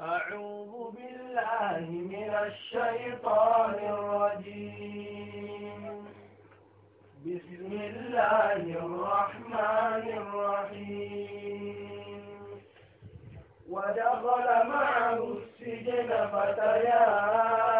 أعوذ بالله من الشيطان الرجيم بسم الله الرحمن الرحيم ودخل معه السجن فتيان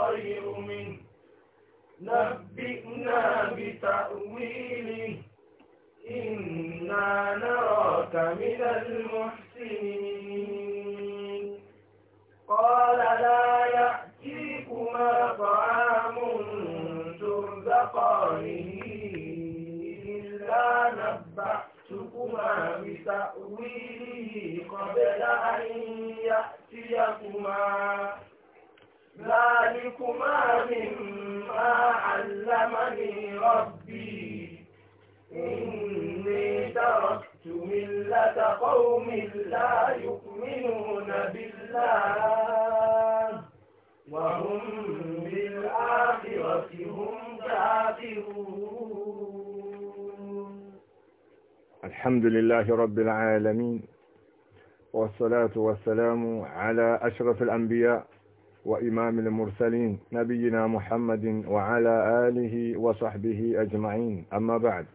خير منه نبئنا بتأويله إنا نراك من المحسنين قال لا يأتيكما طعام ترزقانه إلا نبأتكما بتأويله قبل أن يأتيكما ذلكما مما علمني ربي إني تركت ملة قوم لا يؤمنون بالله وهم بالآخرة هم كافرون الحمد لله رب العالمين والصلاة والسلام على أشرف الأنبياء وإمام المرسلين نبينا محمد وعلى آله وصحبه أجمعين أما بعد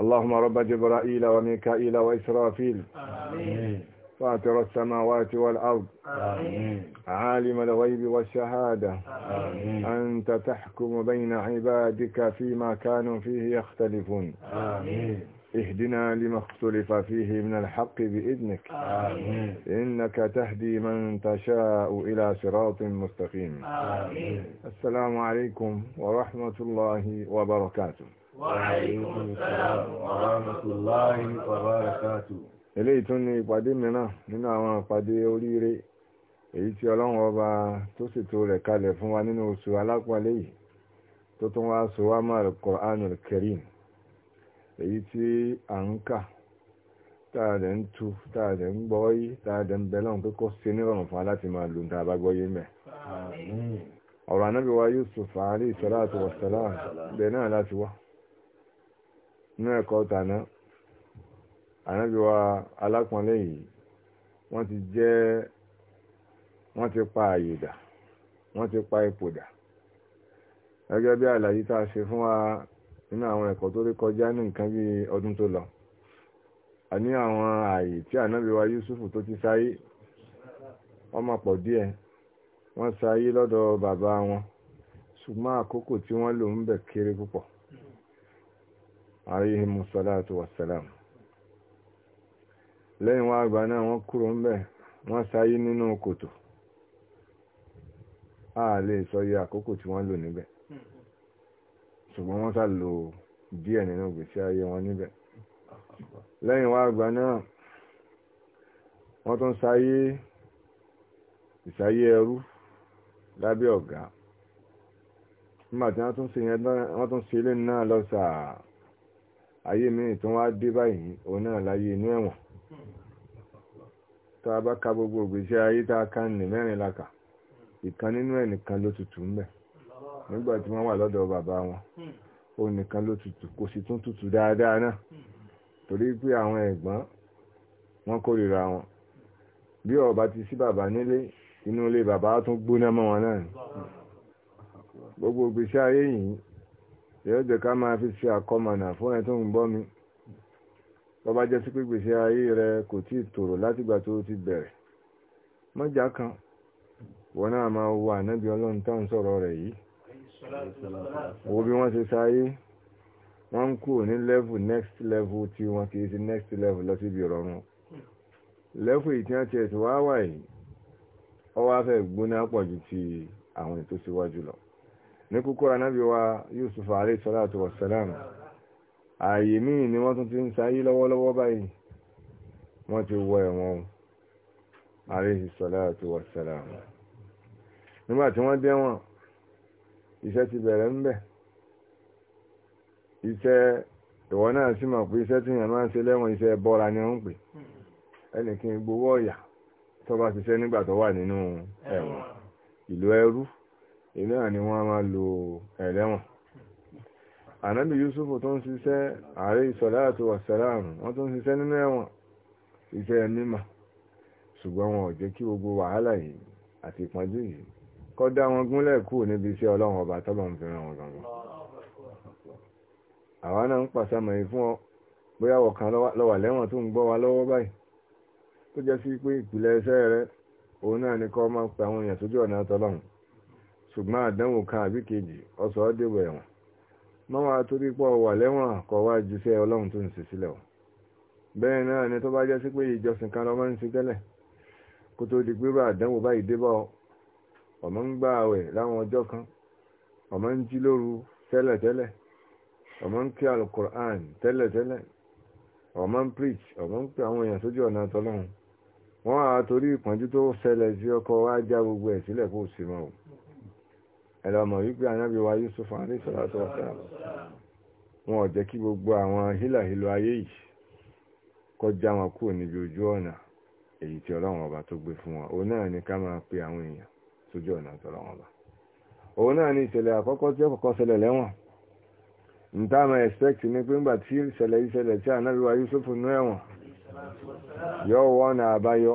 اللهم رب جبرائيل وميكائيل وإسرافيل آمين فاطر السماوات والأرض آمين عالم الغيب والشهادة آمين أنت تحكم بين عبادك فيما كانوا فيه يختلفون آمين اهدنا لما اختلف فيه من الحق بإذنك آمين. إنك تهدي من تشاء إلى صراط مستقيم آمين. السلام عليكم ورحمة الله وبركاته وعليكم السلام ورحمة الله وبركاته إليه تني قدي منا منا وقدي أوليري èyí tí ọlọ́run ọba tó sì tó rẹ̀ kalẹ̀ fún wa nínú èyí tí à ń kà táàdẹ̀ ń tu táàdẹ̀ ń gbọ́ yí táàdẹ̀ ń bẹ lọ́run pé kó ṣe nírọ̀rùn fún wa láti máa lò níta bá gbọ́ mẹ́. ọ̀rọ̀ anábì wa Yusuf alayhi salatu wassalam bẹ́ẹ̀ náà láti wá nínú ẹ̀kọ́ tàná anábì wa alápọ̀nlé yìí wọ́n ti jẹ́ wọ́n ti pa àyè dà wọ́n ti pa ipò dà gẹ́gẹ́ bí àlàyé tá a ṣe fún wa nínú àwọn ẹ̀kọ́ tó rí kọjá ní nǹkan bí ọdún tó lọ àní àwọn ààyè tí ànábì wa Yusuf tó ti sáyé ọmọ pọ̀ díẹ̀ wọ́n sáyé lọ́dọ̀ bàbá wọn ṣùgbọ́n àkókò tí wọ́n lò ń bẹ̀ kéré púpọ̀ àríyé musalatu wasalam lẹ́yìn wá àgbà náà wọ́n kúrò ń bẹ̀ wọ́n sáyé nínú kòtò a lè sọ iye àkókò tí wọ́n lò níbẹ̀ ṣùgbọ́n wọ́n sá lò díẹ̀ nínú ìgbésí ayé wọn níbẹ̀ lẹ́yìn wá àgbà náà wọ́n tún sáyé ìsáyé ẹrú lábẹ́ ọ̀gá nígbà tí wọ́n tún ṣe yẹn wọ́n tún ṣe ilé náà lọ sàá ayé mi tó wá dé báyìí òun náà láyé inú ẹ̀wọ̀n tá a bá ka gbogbo ìgbésí ayé tá a ká ní mẹ́rin lákà ìkan nínú ẹ̀ nìkan ló tutù ń bẹ̀ nígbà tí wọ́n wà lọ́dọ̀ bàbá wọn ó hmm. nìkan ló tutù kò sì tún tutù dáadáa náà hmm. torí pé àwọn ẹ̀gbọ́n wọn kórìíra wọn bí ọba ti sí bàbá nílé inú ilé bàbá tún gbóná mọ́ wọn náà gbogbo gbèsè ayé yìí yóò jẹ́ ká máa fi ṣe àkọmọ̀nà fún ẹ tó ń gbọ́ mi tó bá jẹ́ sí pé gbèsè ayé rẹ kò tí ì tòrò látìgbà tó ti bẹ̀rẹ̀ mọ́jà kan wọn náà máa wo ànábì ọlọ́run tó ń sọ̀rọ̀ rẹ̀ yìí wo bí wọ́n ṣe sáyé wọ́n ń ní level next level tí wọ́n kì í sí next level lọ síbi ìrọ̀rùn level ìtí wọ́n ti ẹ̀sìn wá wà yìí ọ wá fẹ́ gbóná pọ̀ ju ti àwọn ètò síwájú lọ ní kúkú anábì wa Yusuf alayhi salatu wa salam ààyè míì ni wọ́n tún ti ń sáyé lọ́wọ́lọ́wọ́ báyìí wọ́n ti wọ ẹ̀wọ̀n alayhi salatu wa salam nígbà tí wọ́n dẹ́wọ̀n iṣẹ́ ti bẹ̀rẹ̀ ń bẹ̀ iṣẹ́ ìwọ náà sì mọ̀ pé iṣẹ́ tí yàn máa ń ṣe lẹ́wọ̀n iṣẹ́ bọ́ra ni ó ń pè ẹnìkan gbowó ọ̀yà tó bá ṣiṣẹ́ nígbà tó wà nínú ẹ̀wọ̀n ìlú ẹrú ìlú náà ni wọ́n máa lo ẹ̀lẹ́wọ̀n ànábì Yusuf tó ń ṣiṣẹ́ ààrẹ ìsọ̀láàtò wàsálàmù wọ́n tó ń ṣiṣẹ́ nínú ẹ̀wọ̀n iṣẹ́ mímọ́ ṣùgbọ́n wọn ò jẹ́ kí gbogbo wàhálà yìí àti ìpọ́njú yìí kọ́ dá wọn gúnlẹ̀ kúrò níbi iṣẹ́ ọlọ́run ọba tọ́lọ̀ ń fi ràn wọn gangan àwa náà ń pàṣàmọ̀ fún ọ bóyá ọ̀kan lọ́wà lẹ́wọ̀n tó ń gbọ́ wa lọ́wọ́ báyìí tó jẹ́ sí pé ìpìlẹ̀ iṣẹ́ rẹ òun náà ni kọ́ máa pe àwọn èèyàn sójú ọ̀nà tọ́lọ́run ṣùgbọ́n àdánwò kan àbí kejì ẹ̀wọ̀n torí pọ̀ wà lẹ́wọ̀n wá ọlọ́run tó ń ṣe sílẹ̀ o bẹ́ẹ̀ náà ni ọmọ ń gbà àwẹ̀ láwọn ọjọ́ kan ọmọ ń jí lóru tẹ́lẹ̀tẹ́lẹ̀ ọmọ ń kí alukur'an tẹ́lẹ̀tẹ́lẹ̀ ọmọ ń preach ọmọ ń pè àwọn èèyàn sójú ọ̀nà tọ́lọ́run wọ́n á torí ìpọ́njú tó ṣẹlẹ̀ sí ọkọ wa já gbogbo ẹ̀ sílẹ̀ kó sì mọ́ ẹ̀lọ́mọ̀ wípé anábì wa Yusuf alayhi salatu wa salam wọn ò jẹ́ kí gbogbo àwọn hílàhílò ayé yìí kọjá wọn kúrò níbi ojú ọ̀nà èyí tí ọlọ́run ọba tó gbé fún wọn òun náà ni ká máa pe àwọn èèyàn sójú ọ̀nà tọ́lọ́wọ́n ọba òun náà ni ìṣẹ̀lẹ̀ àkọ́kọ́ tí ó kọ́kọ́ ṣẹlẹ̀ lẹ́wọ̀n nta ma expect ni pé ńgbà tí ìṣẹ̀lẹ̀ ìṣẹ̀lẹ̀ tí ànábì wa Yusuf nú ẹ̀wọ̀n yóò wọ́n náà àbáyọ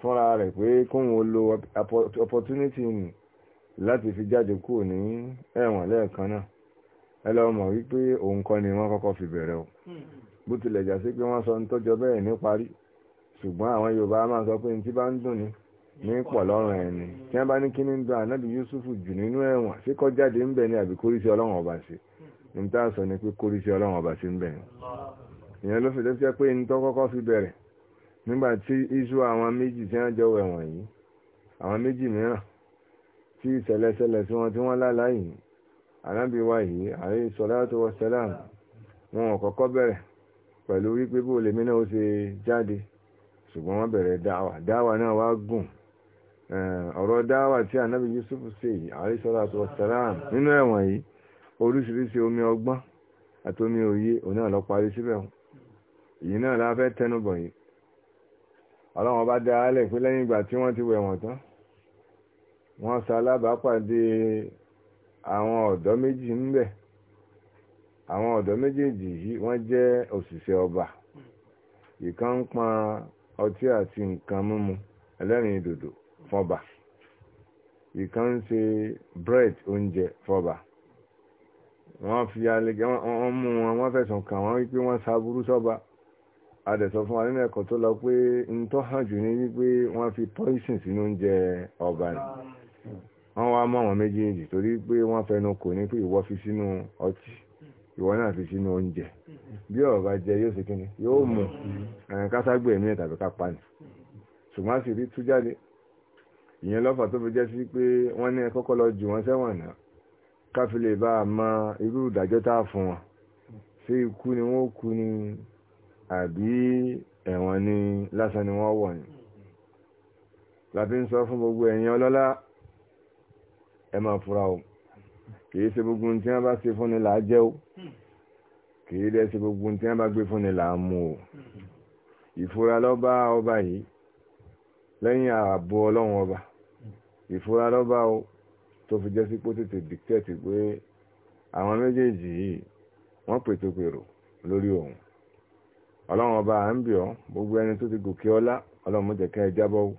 fúnra rẹ̀ pé kóun ó lo opportunity nì láti fi jáde kúrò ní ẹ̀wọ̀n lẹ́ẹ̀kan náà ẹ lọ mọ̀ wípé òun kọ́ ni wọ́n kọ́kọ́ fi bẹ̀rẹ̀ o bó tilẹ̀ jà sí pé wọ́n sọ ń tọ́jọ bẹ́ẹ̀ ní parí ṣùgbọ́n àwọn Yorùbá máa sọ pé ní tí bá ń dùn ni ní pọ̀ lọ́rùn ẹni tí wọ́n bá ní kíní dán ànábì Yusufu jù nínú ẹ̀wọ̀n sí kọjáde ń bẹ̀ ní àbí kórìsí ọlọ́run ọba sí ní tá a sọ ni pé kórìsí ọlọ́run ọba sí ń bẹ̀ ìyẹn ló fi ló fi jẹ́ pé ní tó kọ́kọ́ fi bẹ̀rẹ̀ nígbà tí iṣu àwọn méjì tí wọ́n jọ ẹ̀wọ̀n yìí àwọn méjì mìíràn tí ìṣẹ̀lẹ̀ṣẹlẹ̀ tí wọ́n lálàá wa yìí alayhi salatu wa salam wọn ò kọ́kọ́ bẹ̀rẹ̀ pẹ̀lú wípé bó lèmi náà ó ṣe wọ́n bẹ̀rẹ̀ dáwà Eh, ọ̀rọ̀ dáwà tí ànábì Yusuf ṣe alayhi salatu wassalam nínú ẹ̀wọ̀n yìí oríṣiríṣi omi ọgbọ́n àti omi òye òní àlọ́ parí síbẹ̀ yìí náà la fẹ́ tẹnubọ̀ yìí ọlọ́wọ́n bá dá alẹ̀ pé lẹ́yìn ìgbà tí wọ́n ti wẹ̀ wọ̀n tán wọ́n sa alábàápàdé àwọn ọ̀dọ́ méjì ń bẹ̀ àwọn ọ̀dọ́ méjèèjì yìí wọ́n jẹ́ òṣìṣẹ́ ọba ìkan ń pọn ọtí àti nǹkan mímu ẹlẹ́rìn dòdò fọba ìkan ń ṣe bread oúnjẹ fọba wọn fi alege wọn mú wọn wọ́n fẹ̀sùn kàn wọ́n wípé wọ́n ṣaburú sọ́ba adẹ̀sọ fún wa nínú ẹkọ tó lọ pé n hàn jù ní fi poison sínú oúnjẹ ọba ni wọn wá mọ́ àwọn méjèèjì torí pé fẹnu kò ní pé ìwọ fi sínú ọtí ìwọ fi sínú oúnjẹ bí ọba jẹ yóò ṣe kíni yóò mú tàbí ká ìyẹn lọ́fà tó fi jẹ́ sí pé wọ́n ní kọ́kọ́ lọ jù wọ́n sẹ́wọ̀n náà káfílẹ̀ bá a mọ irú ìdájọ́ tá a fún wọn ṣé ikú ni wọ́n kú ni àbí ẹ̀wọ̀n ni lásán ni wọ́n wọ̀ ni láti ń sọ fún gbogbo ẹ̀yin ọlọ́lá ẹ máa fura o kìí ṣe gbogbo tí wọ́n bá ṣe fún ni là á jẹ́ o kìí dẹ́ ṣe gbogbo tí wọ́n bá gbé fún ni là á mú o ìfura ló bá ọba yìí lẹ́yìn ààbò ọlọ́run ọba ìfura lọ́ba o tó fi jẹ́ sí pé tètè dìkẹ́ẹ̀tì pé àwọn méjèèjì yìí wọ́n pètò pèrò lórí òun ọlọ́run ọba à ń bì ọ́ gbogbo ẹni tó ti gòkè ọlá ọlọ́run mọ̀jẹ̀ kẹ́ ẹ jábọ́ o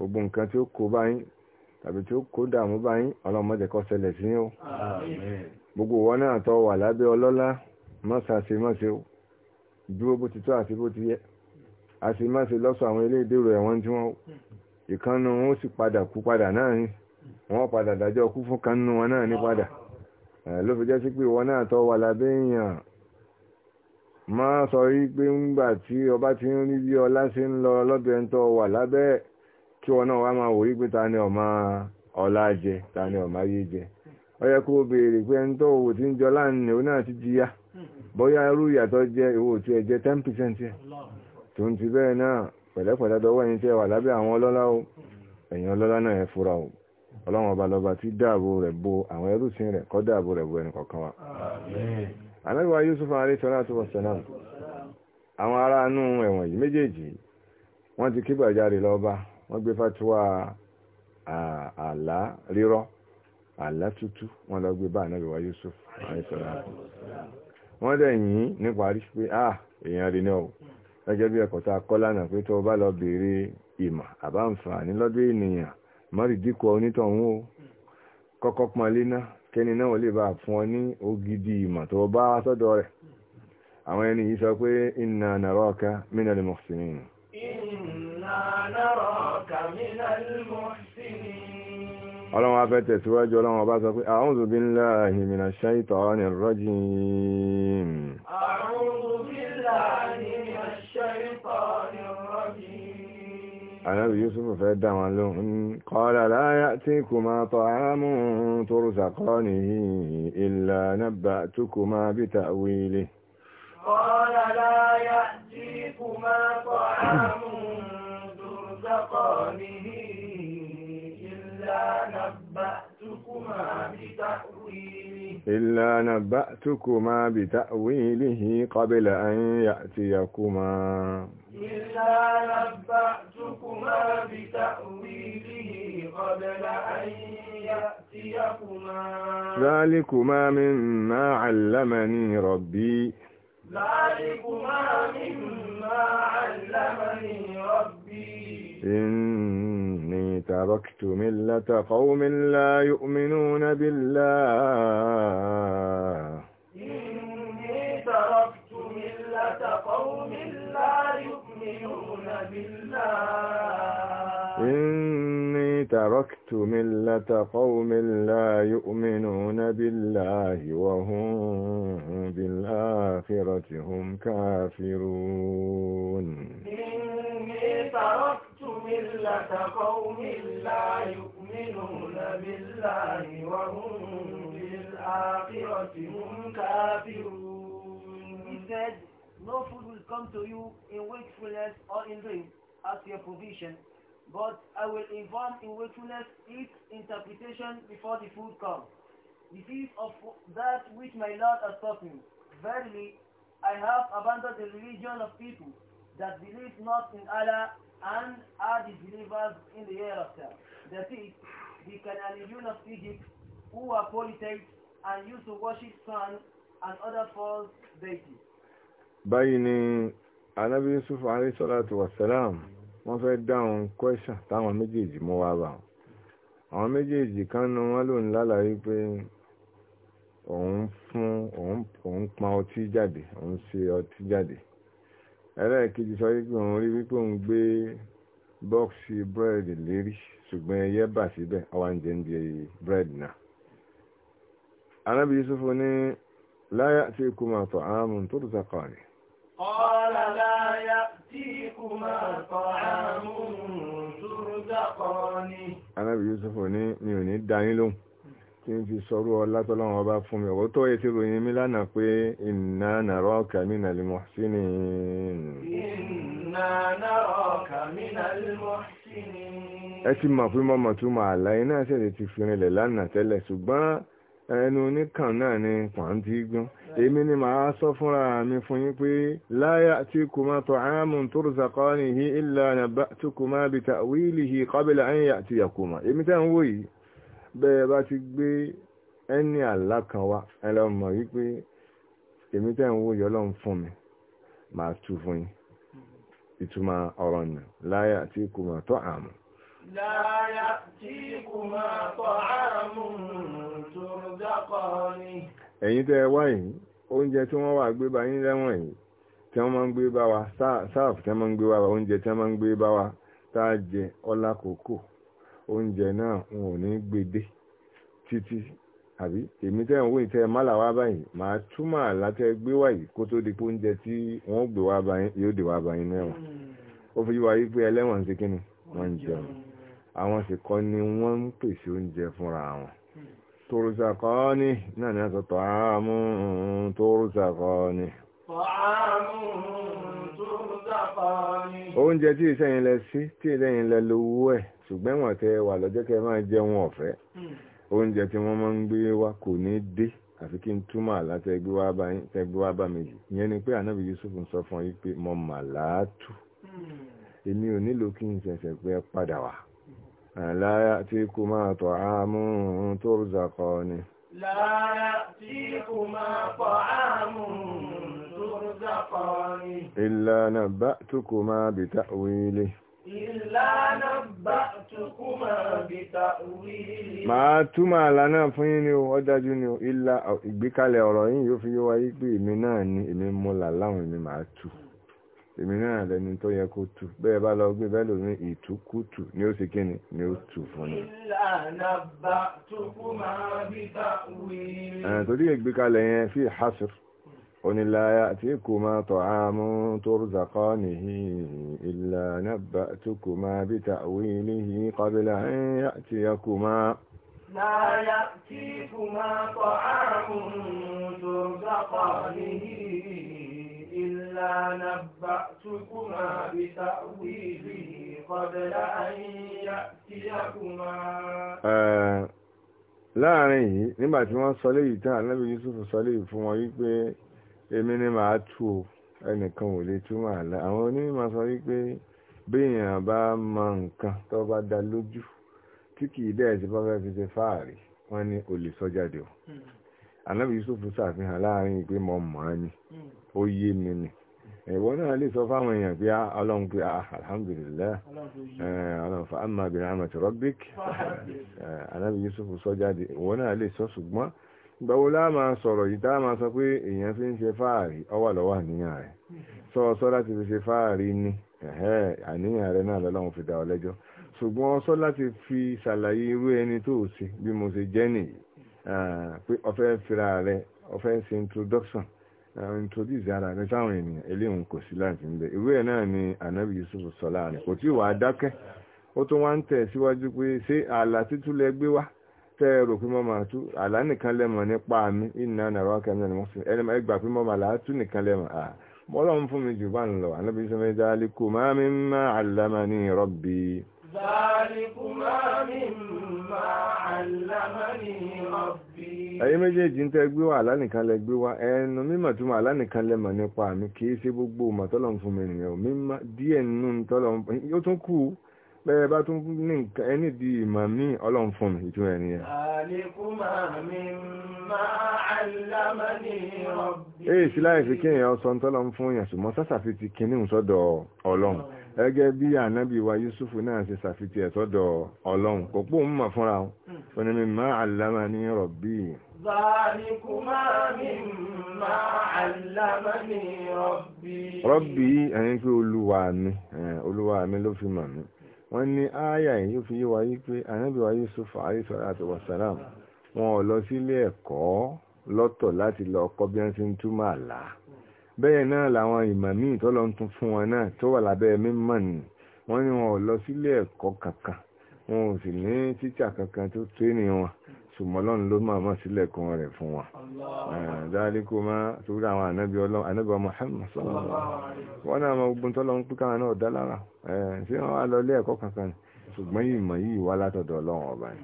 gbogbo nǹkan tí ó kó báyìí tàbí tí ó kó dààmú báyìí ọlọ́run mọ̀jẹ̀ kó ṣẹlẹ̀ sí o gbogbo ìwọ náà tó wà lábẹ́ ọlọ́lá mọ́sàsì mọ́sẹ̀ o dúró bó ti tọ́ àti bó ti yẹ àti mọ́sẹ̀ lọ́sọ̀ àwọn ilé ìdèrò ẹ̀wọ̀n tí wọ́n ìkanu wọn sì padà kú padà náà ni wọn padà dájọ́ kú fún kanu wọn náà ní padà ló fi jẹ́ sí pé wọn náà tọ́ wà lábẹ́ èèyàn sọ rí pé ńgbà tí ọba ti ń rí bí ọlá sí ń lọ lọ́dọ̀ ẹni tọ́ wà lábẹ́ kí wọn náà máa wò rí pé ta ni ọlá jẹ ta ni yé jẹ ó yẹ kó béèrè pé ẹni tó tí ń jọ pẹ̀lẹ́pẹ̀lẹ́ dọwọ́ ẹni tí ẹ wà lábẹ́ àwọn ọlọ́lá o ẹ̀yin ọlọ́lá náà ẹ fura o ọlọ́run ọba lọba tí dáàbò rẹ̀ bo àwọn ẹrúsìn rẹ̀ kó dáàbò rẹ̀ bo ẹnì wa. ànábì Yusuf alayhi salatu wa salam àwọn ará inú ẹ̀wọ̀n yìí méjèèjì wọ́n ti kí gbàjáre lọ́ba wọ́n gbé fatuwa àlá rírọ́ àlá tútú wọ́n lọ gbé bá ànábì wa Yusuf alayhi salatu wọ́n dẹ̀ yìn nípa ah, rí pé gẹ́gẹ́ bí ẹ̀kọ́ tá a kọ́ lánàá pé tó bá lọ béèrè ìmọ̀ àbáǹfààní lọ́dọ̀ ènìyàn mọ́rìndínkù onítọ̀hún o kọ́kọ́ pọn lé kẹ́ni náà lè bá fún ọ ní ìmọ̀ tó o bá wá sọ́dọ̀ rẹ̀ àwọn ẹni yìí sọ pé minal muhsinin. inna naraka ọlọ́run afẹ́ tẹ̀síwájú ọlọ́run ọba sọ pé Ànábì Yúsùfù fẹ́ dá wọn lóhùn qala la ya'tikuma ta'amun turzaqanihi illa nabba'tukuma bita'wilihi. Qala la ya'tikuma ta'amun turzaqanihi. إلا نبأتكما بتأويله قبل أن يأتيكما إلا نبأتكما بتأويله قبل أن يأتيكما ذلكما مما علمني ربي ذلكما مما علمني ربي تركت ملة قوم لا يؤمنون بالله إني تركت ملة قوم لا يؤمنون بالله إني تركت اتبعت ملة قوم لا يؤمنون بالله وهم بالآخرة هم كافرون إني تركت ملة قوم لا يؤمنون بالله وهم بالآخرة هم كافرون He said, no food will come to you in wakefulness or in dream as your provision but I will inform in wakefulness its interpretation before the food comes. This is of that which my Lord has taught me. Verily, I have abandoned the religion of people that believe not in Allah and are disbelievers in the hereafter. That is, the Canaanites of Egypt, who were polytheists and used to worship sun and other false deities. بين النبي يوسف عليه الصلاة والسلام wọ́n fẹ́ dáhùn kwẹ́sà táwọn méjèèjì mú wá bá wọn àwọn méjèèjì kan nu wọn lòun lálàyé pé òun fún òun pọn ọtí jáde òun ṣe ọtí jáde ẹlẹ́ẹ̀kejì sọ wípé òun rí wípé òun gbé bọ́ọ̀sì búrẹ́dì lérí ṣùgbọ́n ẹyẹ bà síbẹ̀ ọwọ́ ń di búrẹ́dì náà anábì Yusuf ní láyà tí kò máa tọ̀ ààmù tó tó sàkọ̀ọ̀nì. ọ̀rọ̀ láyà Anábì Yusuf ní mi ò ní dání lóhùn tí ń fi sọ̀rọ̀ ọlá tọ́lọ́run ọba fún mi ọ̀wọ́ tó yẹ ti ròyìn mi lánàá pé inna naraka minal muhsinin. Inna naraka minal muhsinin. Ẹ ti mọ̀ pé mọ́mọ́ tún máa láyé náà ṣẹ̀lẹ̀ ti fi rinlẹ̀ lánàá tẹ́lẹ̀ ṣùgbọ́n ẹnu oníkàn náà ni pàǹtí gbọ́n èmi ni màá sọ fúnra mi fún yín pé láyà tí kò máa tọ̀ ààmùn tó rùsàkọ́ ní hí ìlà nàbà tí kò máa bí ta wíìlì hì kọ́bílà ẹ̀yìn àti yàkùmà èmi tẹ́ ń wò yìí bẹ́ẹ̀ bá ti gbé ẹni àlá kan wá ẹ èmi tẹ́ ń wò yìí ọlọ́run fún mi màá tú fún yín ìtumọ̀ ọ̀rọ̀ nà láyà tí kò máa tọ̀ ààmùn لا يأتيكما طعام ترزقانه ẹ̀yin tẹ́ ẹ wá yìí oúnjẹ tí wọ́n wà gbé bá lẹ́wọ̀n yìí tí wọ́n máa ń gbé bá wa sáàf tí wọ́n máa ń gbé bá wa oúnjẹ tí wọ́n máa ń gbé bá wa tá a jẹ ọlá kòókò oúnjẹ náà wọn ò ní gbèdé títí àbí èmi tẹ́ ń wí tẹ́ mọ́là wá báyìí màá túmọ̀ àlátẹ́ gbé wá yìí kó tó di pé oúnjẹ tí wọ́n gbé wá báyìí yóò dé wá báyìí lẹ́wọ̀n ó fi wá pé ẹlẹ́wọ̀n ń ṣe ni wọ́n ń jẹun àwọn sì kọ́ ni wọ́n ń pèsè oúnjẹ fúnra wọn ترزقانه ننز طعام ترزقانه oúnjẹ tí ìsẹ́yìn lẹ sí tí ìsẹ́yìn lẹ lówó ẹ̀ ṣùgbọ́n wọ́n tẹ wà lọ́jọ́ kẹ máa jẹun ọ̀fẹ́ hmm. oúnjẹ tí wọ́n máa ń gbé wá kò ní dé àfi kí n túmọ̀ àlátẹ́gbé wá bá mi yìí ìyẹn ni pé ànábì Yusuf ń sọ fún yí pé mo mà láàtú hmm. èmi ò nílò kí n ṣẹ̀ṣẹ̀ pé padà wá. لا يأتيكما طعام ترزقانه لا يأتيكما طعام ترزقانه إلا نبأتكما بتأويله Ìlà nàbà tukùmà bìtàwìlì. Màá túmọ̀ àlà náà fún yín ni ó dájú ni ìlà ìgbékalẹ̀ ọ̀rọ̀ yín yóò fi yíwáyé pé èmi náà ni èmi mọ́là láwọn èmi màá tù èmi náà lẹni tó yẹ kó tù bẹ́ẹ̀ bá lọ gbé bẹ́ẹ̀ lómi ìtúkùtù ni ó sì kíni ni ó tù fún ni. torí ìgbékalẹ̀ yẹn fi hasir oníláyà tí kò máa tọ̀ àmú tó rúzàkọ́ nìyí ìlànà bá tó kò máa bí tàwí níyí kọbílà ẹ̀yà tí kò máa. لا يأتيكما طعام ترزقانه إلا نبأتكما بتأويله قبل أن يأتيكما láàrin yìí nígbàtí wọ́n sọ léyìí tán anábì Yusuf sọ léyìí fún wọn wípé èmi ni màá tú o ẹnìkan ò lè tú màá lá àwọn onímọ̀ sọ wípé béèyàn bá mọ nǹkan tó bá dá lójú tí kì í dẹ́ẹ̀ sí bá fi ṣe fáàrí wọ́n ní olè sọ jáde o anábì hmm. Yusuf ṣàfihàn láàrin yìí pé mo mọ̀ ọ́ ni hmm. ó yé mi ni ìwọ náà lè sọ fáwọn èèyàn pé ah, ọlọ́run pé ah, alhamdulillah eh, ọlọ́run fa amma bi rahmati rabbik anábì eh, yusuf sọ jáde ìwọ náà lè sọ ṣùgbọ́n gbọ́wọ́ láàmà sọ̀rọ̀ yìí táàmà sọ pé èèyàn fi ń ṣe fáàrí ọwà lọ́wọ́ àníyàn rẹ̀ sọ́ọ̀sọ́ láti fi ṣe fáàrí ni àníyàn rẹ̀ náà lọ́lọ́run fi dá ọ lẹ́jọ́ ṣùgbọ́n ọsọ́ láti fi ṣàlàyé irú ẹni tó ṣe bí mo ṣe jẹ́ nìyí eh, pé ọfẹ́ fira rẹ̀ ọfẹ́ ṣe introduction introduce ara rẹ̀ sáwọn ènìyàn eléhùn kò sí láti ń bẹ̀ ìwé ẹ̀ náà ni ànábì Yusuf sọlá rẹ̀ kò tí wàá dákẹ́ ó tún wá ń tẹ̀ síwájú pé ṣé àlà títú lẹ gbé wá tẹ́ ẹ pé mo máa tú nìkan lẹ́mọ̀ nípa mi ìnà nàrọ̀ kẹ́mẹ́ ni wọ́n fi pé mo máa là nìkan lẹ́mọ̀ à mọ́lọ́run fún mi jù bá ń lọ ànábì Yusuf dáálí kò máa mi máa àlámà ní rọ́bì. dáálí kò máa mi máa ẹ̀yin méjèèjì ń tẹ́ gbé wá àlá nìkan lẹ gbé wá ẹnu mímọ̀ tó mọ̀ àlá nìkan lẹ mọ̀ nípa mi kì ṣe gbogbo mọ̀ tọ́lọ̀ ń fún mi nìyẹn ò mímọ̀ díẹ̀ nínú tọ́lọ̀ ó tún kù bẹ́ẹ̀ bá tún ní nǹkan ẹni di ìmọ̀ mí ọlọ́run mi ìtú ẹ̀ nìyẹn. èyí sí láì fi kéèyàn sọ ń tọ́lọ̀ ń fún yàn ṣùgbọ́n sásàfi ti kinní sọ́dọ̀ ọlọ́run gẹ́gẹ́ bí ànábì wa Yusufu náà ṣe ṣàfitì ẹ̀ sọ́dọ̀ ọlọ́run kò pò ń mọ̀ fúnra wọn fún mi máa àlámà ní rọ̀bì. Zalikuma mi máa àlámà ní rọ̀bì. Rọ̀bì ẹni pé olúwa mi olúwa mi ló fi mọ̀ mí. Wọ́n ní ááyà yìí ó fi yé wa pé ànábì wa Yusufu alayhi salatu wa wọn ò lọ sílé ẹ̀kọ́ lọ́tọ̀ láti lọ kọ́ bí wọ́n ti ń túmọ̀ àlá bẹ́ẹ̀ náà làwọn ìmọ̀ míì tó lọ ń tún fún wọn náà tó wà lábẹ́ mímọ̀ ni wọ́n ní wọn ò lọ sílé ẹ̀kọ́ kankan wọn ò sì ní tíṣà kankan tó tréní wọn ṣùgbọ́n Ọlọ́run ló máa mọ̀ sílẹ̀ kan rẹ̀ fún wọn dáríkó máa torí àwọn ànábì Ọlọ́run ànábì Muhammad wọn náà mọ ogun tọ́lọ́ ń pín náà dá lára ṣé wọn wá lọ ilé ẹ̀kọ́ kankan ṣùgbọ́n ìmọ̀ yìí wá látọ̀dọ̀ Ọlọ́run ọba ni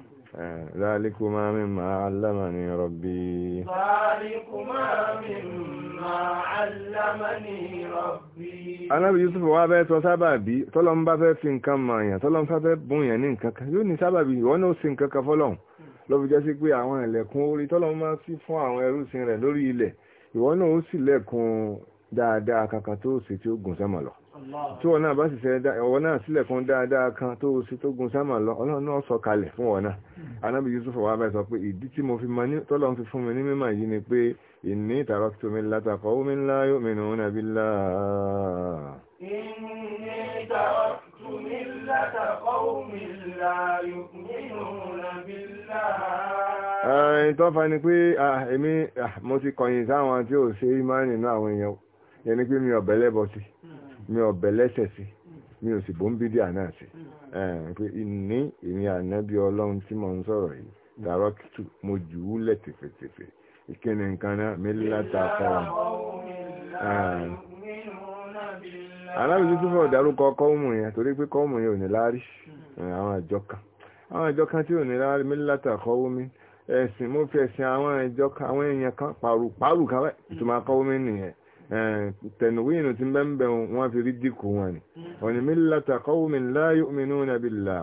ذلكما مما علمني ربي ذلكما مما علمني ربي Ànábì Yusuf wá bẹ́ẹ̀ tọ sábàbí tọ́lọ́m bá fẹ́ fi nǹkan mọ̀ èèyàn tọ́lọ́m fẹ́ bùn èèyàn ní nǹkan kan yóò ní sábàbí ìwọ́n náà sí nǹkan kan fọ́lọ́hun ló fi jẹ́ sí pé àwọn ẹ̀lẹ́kùn orí tọ́lọ́m máa sí fún àwọn ẹrúsìn rẹ̀ lórí ilẹ̀ ìwọ́n náà ó sì lẹ́kùn dáadáa kankan tó sì tí ó gùn sẹ́mọ̀ lọ tí wọn náà bá sì ṣe ọwọ́ náà sílẹ̀ kan dáadáa kan tó sí tó gun sámà lọ ọlọ́run náà sọ kalẹ̀ fún wọn náà anábì hmm. Yusuf wà bẹ́ẹ̀ sọ pé ìdí tí mo fi mọ ní tọ́lọ́ fi fún mi ní mímọ̀ yìí ni pé ìní taraktu millata qawmin la yu'minuna billah. ìní taraktu millata qawmin la yu'minuna billah. ìtọ́fà ni pé èmi mo ti kọ̀yìn sáwọn tí ò ṣe ìmánì náà àwọn èèyàn yẹn ni pé mi mi ò bẹ̀ lẹ́sẹ̀ mi ò sì bó ń bí díà náà sí pé ní èmi ànábì ọlọ́run tí mo ń sọ̀rọ̀ yìí tààrọ́ tútù mo jù ú lẹ̀ tẹ̀fẹ̀tẹ̀fẹ̀ ìkíni nǹkan náà mi láta fọ́ wọn. alábìsí tó fọ̀ dárúkọ kọ́ọ̀mù yẹn torí pé kọ́ọ̀mù yẹn ò ní láárí àwọn àjọ kan àwọn àjọ kan tí ò ní láárí mi láta kọ́wó mi ẹ̀sìn mo fi ẹ̀sìn àwọn àjọ kan àwọn èèyàn kan pàrùpàrù kan tẹ̀nùwínù tí bẹ́m̀bẹ̀ wọ́n fi rí díkù wọn ni wọ́n ni mílàtà kọ́wùmí láyé òmìnú na bílá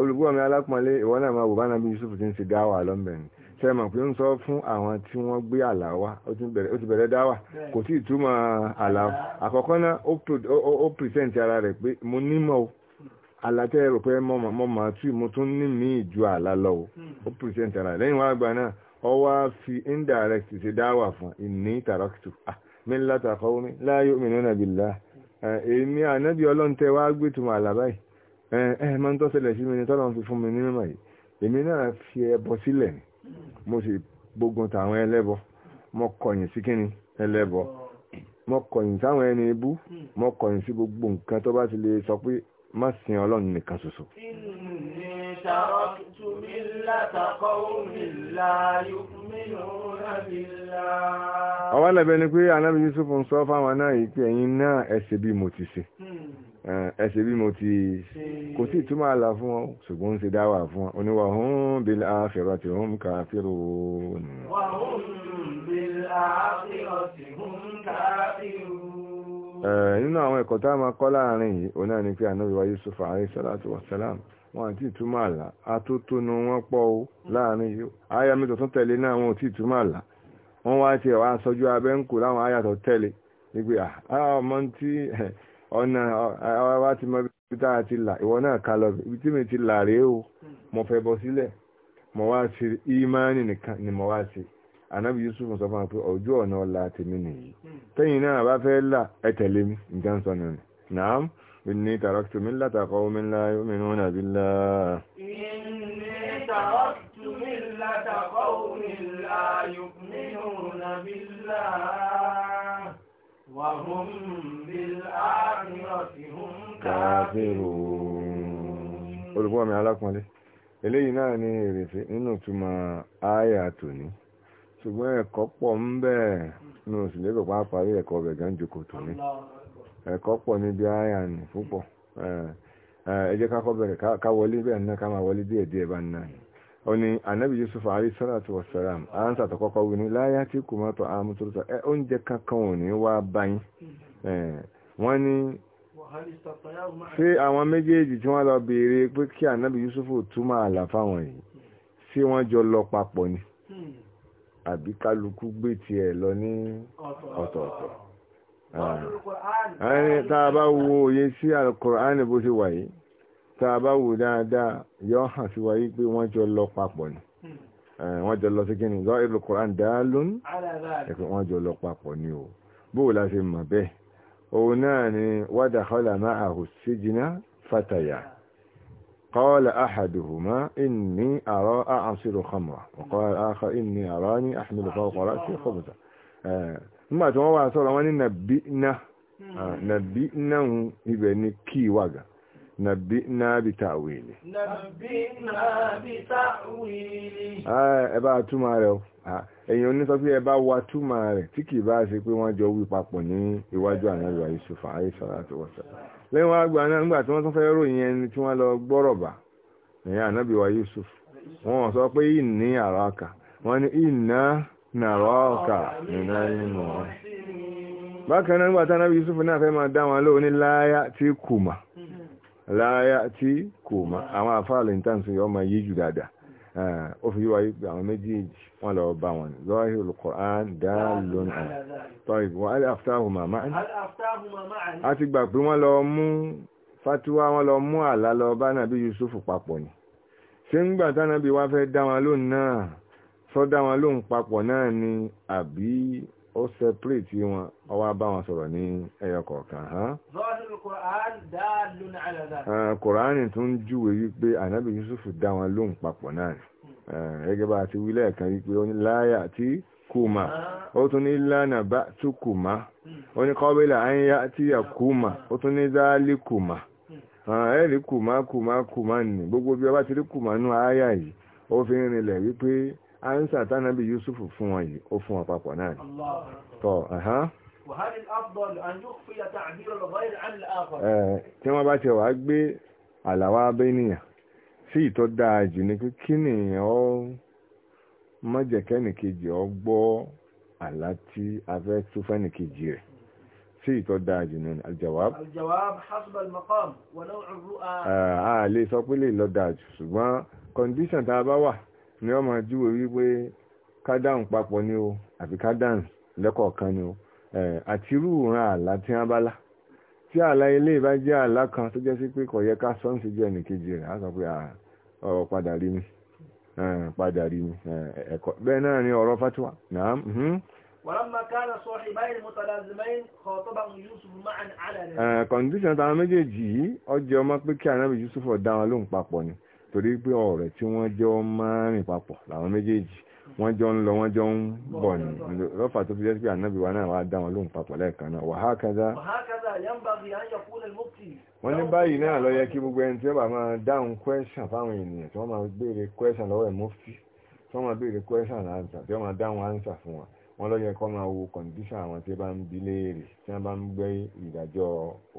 olùgbọ́ mi alápọ̀lẹ́ ìwọ́n náà máa wùbá nàbí Yusuf ti ń ṣe dáwà lọ́mbẹ̀ ni sẹ́mọ̀ pé ń sọ fún àwọn tí wọ́n gbé àlàwà ó ti bẹ̀rẹ̀ dáwà kò tí ìtumọ̀ àlàwà àkọ́kọ́ náà ó pìrìsẹ̀ntì ara rẹ̀ pé mo nímọ̀ o àlàtẹ́ rò pé mọ́ màá tú mo tún ní mí ìjú àlá lọ́wọ́ ó hmm. pìrìsẹ́ntì ara lẹ́yìn wá gbà náà ọ wá fi indirect ṣe dáwà fún ìní tàràkìtù ah, mi láta kọ́ mi la yu'minuna billah eh, èmi ànábì ọlọ́ntẹ wá gbé tùmọ̀ àlàbáyì eh, ẹ máa ń tọ́sẹ̀lẹ̀ sí mi ní tọ́lọ́ fi fún mi ní mímọ̀ yìí èmi náà fi ẹbọ sílẹ̀ hmm. mo sì gbógun tàwọn ẹlẹ́bọ mo kọ̀yìn sí kíni ẹlẹ́bọ hmm. mo kọ̀yìn sáwọn ẹni ibú mo kọ̀yìn sí gbogbo nǹkan tó bá ti lè sọ pé má sin ọlọ́run nìkan ṣoṣo. ọwọ́ lẹ́bẹ̀ẹ́ ni pé anábì Yusuf ń sọ fáwọn náà yìí pé ẹ̀yin náà ẹ ṣe bí mo ti ṣe hmm. ẹ bí mo ti kò sí ìtumọ̀ àlà fún wọn ṣùgbọ́n ń ṣe dáwà fún wọn oníwà hún bil akhirati hum kafirun. wà hún bil akhirati hum kafirun. Eh, nínú àwọn ẹ̀kọ́ tá a máa kọ́ láàrin yìí òun náà ni pé Yusuf alayhi salatu wa wọn àti ìtumọ̀ àlá atótónu wọn pọ̀ o láàrin yìí àyà mi tuntun tẹ̀lé náà wọn ò tí ìtumọ̀ wọn wá tiẹ̀ wá sọjú abẹ́ ń kù láwọn àyà tẹ̀lé nígbè ọmọ ah, tí ọ̀nà ti mọ ibi tá a ti là ìwọ náà ká lọ ibi tí mi ti là rèé o mo fẹ́ bọ́ sílẹ̀ mo anábì yusuf sọ fún wa pé ojú ọ̀nà ọ̀la tèmi nìyí hmm. tẹ́yìn náà bá fẹ́ là ẹ tẹ̀lé mi nǹkan sọ nínú naam inni taraktu millata qawmin la yu'minuna billah inni taraktu millata qawmin la yu'minuna billah wa hum bil akhirati hum kafirun olùkọ́ mi alákùnrin eléyìí náà ní èrèfé nínú túmọ̀ áyà tòní ṣùgbọ́n ẹ̀kọ́ pọ̀ ń bẹ ní oṣù lérò pa parí ẹ̀kọ́ rẹ̀ gan jòkó tó ní ẹ̀kọ́ pọ̀ níbi àyà nì púpọ̀ ẹ jẹ́ kákọ́ bẹ̀rẹ̀ ká wọlé bẹ́ẹ̀ ná ká máa wọlé díẹ̀ díẹ̀ bá ná ó ní ànábì Yusuf alayhi salatu wassalam ánsà tó kọ́kọ́ wí ní láyá tí kò má tọ́ àmú tó tọ́ oúnjẹ kankan ò ní wá báyìí wọ́n ní ṣé àwọn méjèèjì tí wọ́n lọ béèrè pé kí ànábì Yusuf túmọ̀ àlà fáwọn yìí ṣé wọ́n jọ lọ papọ̀ ni àbí kálukú gbé tiẹ̀ lọ ní ọ̀tọ̀ọ̀tọ̀ tá a bá wo òye sí alukur'ani bó ṣe wà yìí tá bá wò dáadáa yọ hàn sí wa pé wọ́n jọ lọ papọ̀ ni hmm. wọ́n jọ lọ sí kí ni zọ ìlú kur'an dálún ẹ̀pẹ́ wọ́n jọ lọ papọ̀ ni o bó la ṣe mọ̀ bẹ́ẹ̀ òun náà ni wádàá kọ́lá máa àhùsíjìnà fàtàyà. قال أحدهما إني أرى أعصر خمرة وقال الآخر إني أراني أحمل فوق رأسي خبزة nígbà tí wọ́n wá sọ́rọ̀ wọ́n ní nàbíná ibẹ̀ ní kí na nàbíná bí tàwílì ẹ̀yìn onísọ́ pé ẹbá wa túmà rẹ̀ tí kì bá ṣe pé wọ́n jọ wí ní iwájú lẹ́yìn wá gbà náà nígbà tí wọ́n tún fẹ́ ròyìn ẹni tí wọ́n lọ gbọ́rọ̀ bá ẹ̀yà ànábì wa Yusuf wọ́n sọ pé ìní àràkà wọ́n ní ìná nàràkà nínú ẹ̀yìn wọn. bákan náà nígbà tí ànábì Yusuf náà fẹ́ máa dá wọn lóò ní láyà tí kùmà láyà tí kùmà àwọn àfáà lè ń tàn sí ọmọ ó fi yíwa yípe àwọn méjèèjì wọ́n lọ bá wọn lọ́wọ́ olùkọ́án dáàlùn tọ́ìbù wọ́n aláftáhùn màmá a ti gbà pé wọ́n lọ mú fatuwa wọ́n lọ mú àlá lọ bá nàbí Yusuf papọ̀ ni ṣé ń gbà tánàbí wá fẹ́ dá wọn lóhùn náà sọ wọn lóhùn papọ̀ náà ni àbí ó sẹpírìtì wọn ó wá bá wọn sọ̀rọ̀ ní ẹyọ kọ̀ọ̀kan hàn. kòránì tún júwe wípé ànábì Yusuf dá wọn lóhùn papọ̀ náà gẹ́gẹ́ bá a ti wí lẹ́ẹ̀kan wípé ó ní láyà tí kuma ah. ó tún ní lánà bá tú kuma hmm. ó ní kọ́bílà an yá tí yà kuma hmm. ó tún ní záálí kuma hmm. ẹ̀rí kuma kuma kuma nì gbogbo bí ọba ti rí kuma nú àyà yìí ó fi ń rinlẹ̀ wípé ánsà tánàbí Yusuf fún wọn yìí ó fún àpapọ̀ náà ni tọ́ ẹ̀hán tí wọ́n bá ti wà gbé àlàwà abẹ́nìyàn sí ìtọ́ dáa jù ní pé kí ni ọ mọ́jẹ̀kẹ́nì kejì ọ gbọ́ àlá tí a fẹ́ tú fẹ́nì kejì rẹ̀ sí ìtọ́ dáa jù nínú aljawab aljawab hasba al lè sọ pé lè lọ dáa jù ṣùgbọ́n kọndíṣàn tá a bá wà ni wọ́n máa júwe wípé ká dáhùn papọ̀ ni o àbí ká dáhùn lẹ́kọ̀ọ̀kan ni o àti irú ìran àlá tí wọ́n bá lá tí àlá ilé ìbá jẹ́ àlá kan tó jẹ́ sí pé kò yẹ ká sọ́ǹsì jẹ́ ẹnìkejì rẹ̀ á sọ pé ọ̀rọ̀ padà rí mi padà rí mi ẹ̀kọ́ bẹ́ẹ̀ náà ni ọ̀rọ̀ fatuwa náà. ولما كان صاحبين متلازمين خاطبهم يوسف معا على ذلك. kọ̀ǹdíṣàn táwọn méjèèjì yìí ọjọ́ ọmọ pé kí ànábì yusuf ọ̀dá wọn lóhùn papọ̀ ni torí pé ọ̀rẹ́ tí wọ́n jọ máa rìn papọ̀ làwọn méjèèjì wọ́n jọ ń lọ wọ́n jọ ń bọ̀ ní lọ́fà tó fi jẹ́ pé ànábì wa náà wá dá wọn lóhùn papọ̀ lẹ́ẹ̀kan náà wà hákàdá wọ́n ní báyìí náà lọ yẹ kí gbogbo ẹni tí ó bá máa dáhùn kwẹ́sàn fáwọn ènìyàn tí wọ́n máa béèrè kwẹ́sàn lọ́wọ́ ẹ̀ mọ́fì tí wọ́n máa béèrè kwẹ́sàn láǹsà tí wọ́n máa dáhùn áǹsà fún wọn wọ́n ló yẹ kó máa wo kọ̀ǹdíṣà àwọn tí bá ń bi léèrè tí wọ́n bá ń gbé ìdájọ́